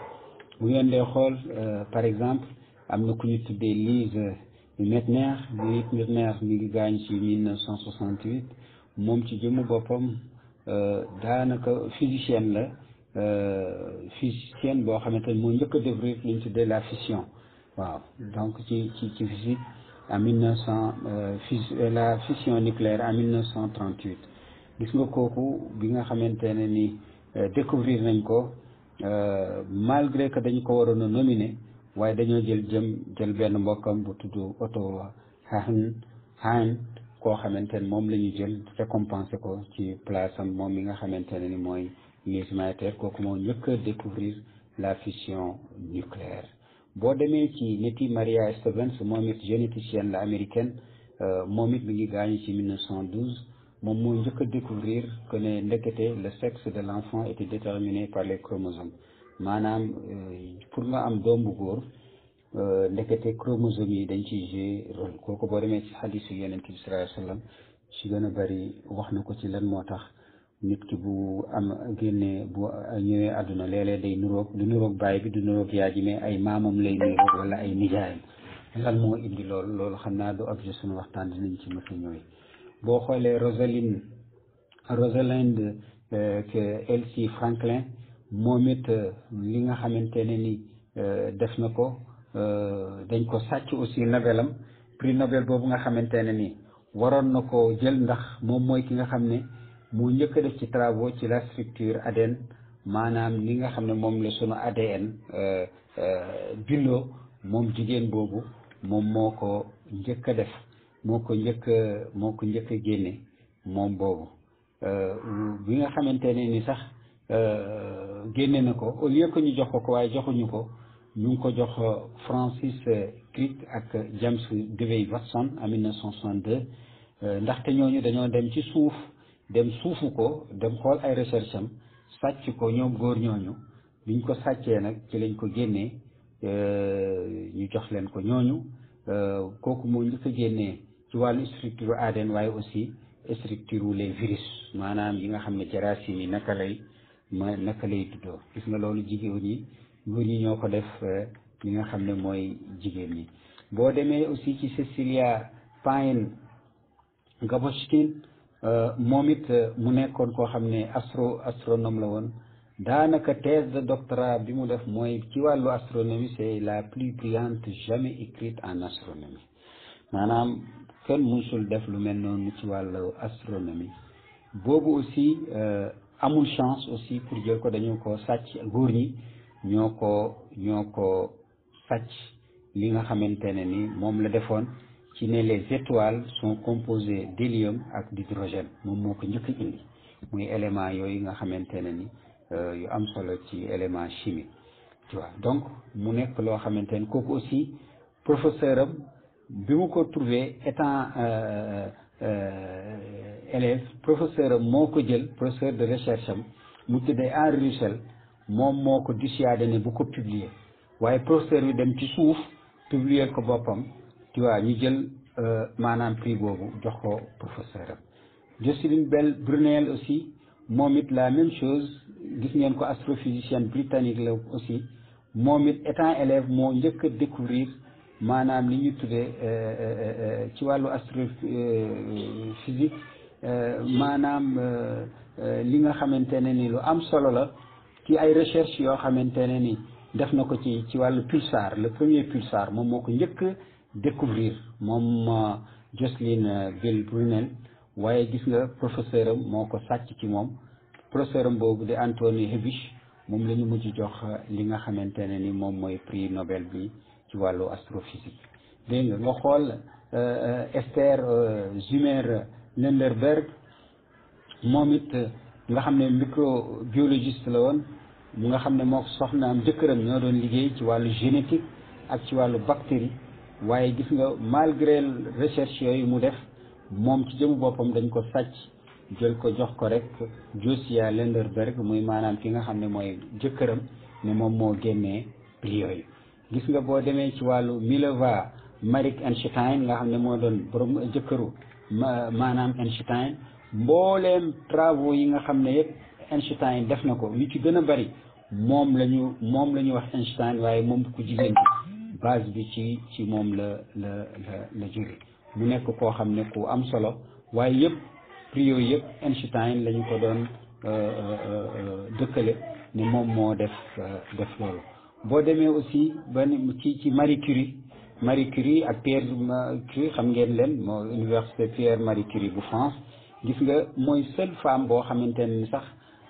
bu ngeen dee xool euh, par exemple am na ku ñu tuddee Lise Meitner Lise Meitner mi gaañ ci mille neuf cent moom ci jëmmu boppam euh, daanaka physicienne la physicienne boo xamante ne moo njëkk a découvrir li ñu la fission waaw donc ci ci ci physique en mille neuf cent euh, euh, la fission nucléaire en mille cent trente-huit gis nga kooku bi nga xamante ne ni euh, découvrir nañ ko malgré que dañu ko waroon a nominer waaye dañoo jël jëm jël benn mbokkam bu tudd Otto Hahn Hahn koo xamante ne moom la ñu jël récompenser ko ci place am moom mi nga xamante ne ni mooy Nils Mayer kooku moom njëkk a découvrir la fission nucléaire boo demee ci niti Maria Stevens moom it généticienne la américaine euh, moom it mi ngi gaañu ci 1912 moom moo njëkk a découvrir que ne ndekete le sexe de l'enfant était déterminé par les chromosomes maanaam euh, pour nga am doom bu góor euh, ndekete chromosomes yi dañ ciy jouer rôle kooku boo demee ci xadisu yonent bi sallallahu alayhi wa sallam ci a bari wax na ko ci lan moo tax nit ki bu am génnee bu ñëwee àdduna léeg day nuroog du nuroog baay bi du nuroog yaay ji mais ay maamam lay nuroog wala ay nijaayam lan moo indi lool lool xam naa du objet suñu waxtaan dinañ ci ma a ñëwee boo xoolee Rosalind Rosalind euh, Elsie Franklin euh, nga xamante ne ni euh, def na ko dañ ko sàcc aussi nobelam prix Nobel boobu nga xamante ne ni waroon na ko jël ndax moom mooy ki nga xam ne mu njëkk a def ci travaux ci la structure ADN maanaam li nga xam ne moom la sunu ADN euh, euh, bindoo moom jigéen boobu moom moo ko njëkk a def moo ko njëkk a moo ko njëkk a génne moom boobu euh, bi nga xamante ne ni sax génne na ko au yëkk que ñu jox ko ko waaye joxuñu ko ñu ngi ko jox Francis Crick ak James Dewey Watson en 1962 ndaxte ñooñu dañoo dem ci suuf. dem suufu ko dem xool ay recherche sàcc ko ñoom góor ñooñu biñ ko sàccee nag ci lañ ko génnee euh, ñu jox leen ko ñooñu euh, kooku moo njëkk a génnee ci wàllu structure ADN waaye aussi structure wu les virus maanaam yi nga xam ne ci yi naka lay ma naka lay tuddoo gis nga loolu jigéen ñi góor ñi ñoo ko def euh, li nga xam ne mooy jigéen ñi boo demee aussi ci Cecilia Payne-Gaposchkin Euh, moom it euh, mu nekkoon koo xam ne astro astronome la woon daanaka thèse de doctorat bi mu def mooy ci wàllu astronomie c'est la plus brillante jamais écrite en astronomie maanaam kenn musul def lu mel noonu ci wàllu astronomie boobu aussi euh, amul chance aussi pour jël ko dañu ko sàcc góor ñi ñoo ko ñoo ko sàcc li nga xamante ne ni moom la defoon ci ne les étoiles sont composées d'hélium ak d'hydrogène moom moo ko njëkk indi muy élément yooyu nga xamante ne ni euh, yu am solo ci élément chimique tu vois donc mu nekk loo xamante ne kooku aussi professeur am bi mu ko trouvé étant euh, euh, élève professeur am moo ko jël professeur de recherche am mu tuddee Henri Russell moom moo ko dissuadé ne bu ko publier waaye professeur bi dem ci suuf publier ko boppam tu vois ñu jël euh, maanaam prix boobu jox ko professeur am Jocelyn Bell Brunel aussi moom it la même chose gis ngeen ko astrophysicienne britannique la aussi moom it étant élève moo njëkk a découvrir maanaam li ñu tuddee euh, euh, ci wàllu astrophysique maanaam li nga xamante ne ni lu am solo la ci ay recherche yoo xamante ne ni def na ko ci ci wàllu pulsar le premier pulsar moom moo ko njëkk découvrir moom Jocelyne Bill euh, Brunel waaye gis nga professeur am moo ko sàcc ci moom professeur am boobu di Anthony Hebbish moom lañu ñu mujj jox euh, li nga xamante ne ni moom mooy prix Nobel bi ci wàllu astrophysique dégg nga nga xool euh, Esther Zimmer Lenderberg moom it nga xam ne microbiologiste la woon mu nga xam ne moo soxna soxnaam jëkkëram ñoo doon liggéey ci wàllu génétique ak ci wàllu bactérie waaye gis nga malgré recherche yooyu mu def moom ci jëmu boppam dañ ko sàcc jël ko jox ko rek Josia Lenderberg muy maanaam ki nga xam ne mooy jëkkëram ne moom moo génnee prix yooyu gis nga boo demee ci wàllu Mileva Marik Einstein nga xam ne moo doon borom jëkkëru maanaam Einstein mbooleem travaux yi nga xam ne yëpp Einstein def na ko lu ci gën a bari moom lañu moom la ñu wax Einstein waaye moom ku jigéen bi base bi ci ci moom la la la la jóge mu nekk koo xam ne ku am solo waaye yëpp prix yooyu yëpp Einstein la ñu ko doon euh, euh, euh, dëkkale ni moom moo def def loolu boo demee aussi ba ci ci Marie Curie Marie Curie ak Pierre Curie xam ngeen leen moo université Pierre Marie Curie bu France gis nga mooy seule femme boo xamante ne sax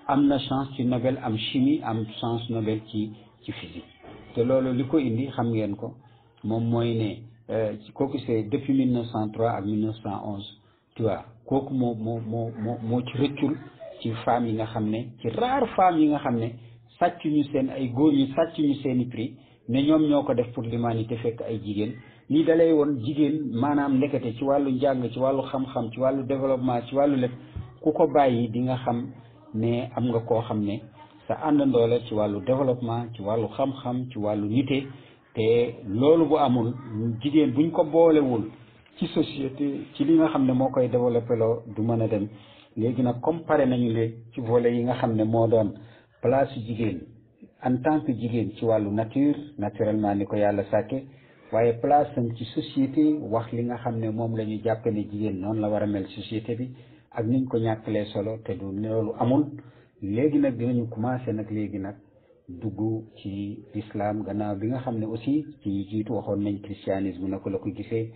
am na chance ci Nobel am chimie am chance Nobel ci ci physique te loolu li ko indi xam ngeen ko moom mooy ne euh, ci kooku c'est depuis 1903 ak 1911 tu vois kooku moo moo moo moo moo ci rëccul ci femmes yi nga xam ne ci rare femmes yi nga xam ne sàccuñu seen ay góor ñu sàccuñu seen i prix ne ñoom ñoo ko def pour l'humanité fekk ay jigéen lii dalay woon jigéen maanaam ndekete ci wàllu njàng ci wàllu xam-xam ci wàllu développement ci wàllu lépp ku ko bàyyi di nga xam ne am nga koo xam ne sa àndandoo la ci wàllu développement ci wàllu xam-xam ci wàllu nite te loolu bu amul jigéen buñ ko boolewul ci société ci li nga xam ne moo koy développé loo du mën a dem léegi nag pare nañu léegi ci volet yi nga xam ne moo doon place jigéen en tant jigéen ci wàllu nature naturellement ni ko yàlla sàkke waaye place am ci société wax li nga xam ne moom la ñu jàppe ne jigéen noonu la war a mel société bi ak niñ ko ñàkkalee solo te du loolu amul léegi nag dinañu commencé nag léegi nag dugg ci l'islam gannaaw bi nga xam ne aussi ci ñi jiitu waxoon nañ christianisme naka la ko gisee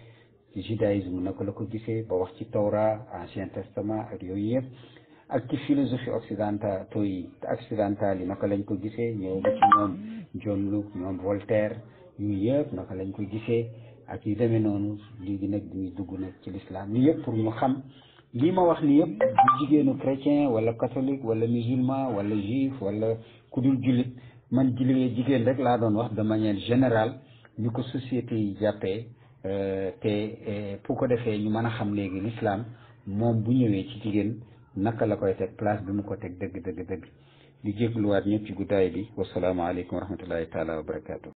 ci judaïsme naka la ko gisee ba wax ci tawra ancien testament ak yooyu yëpp ak ci philosophie occidentaux yi occidentale yi naka lañ ko gisee ñëw ba ci ñoom John Locke ñoom Voltaire yooyu yëpp naka lañ ko gisee ak yu demee noonu léegi nag ñuy dugg nag ci lislaam li yëpp pour ñu xam lii ma wax ni yëpp du jigéenu chrétien wala catholique wala musulman wala juif wala ku dul jullit man jullit jigéen rek laa doon wax de manière générale ñu ko société yi jàppee euh, te euh, pour ko defee ñu mën a xam léegi lislaam moom bu ñëwee ci jigéen naka la koy teg place bi mu ko teg dëgg dëgg dëgg di luwaat ñëpp ci guddaay bi wasalaamaaleykum wa rahmatullahi taala wa barakaatu.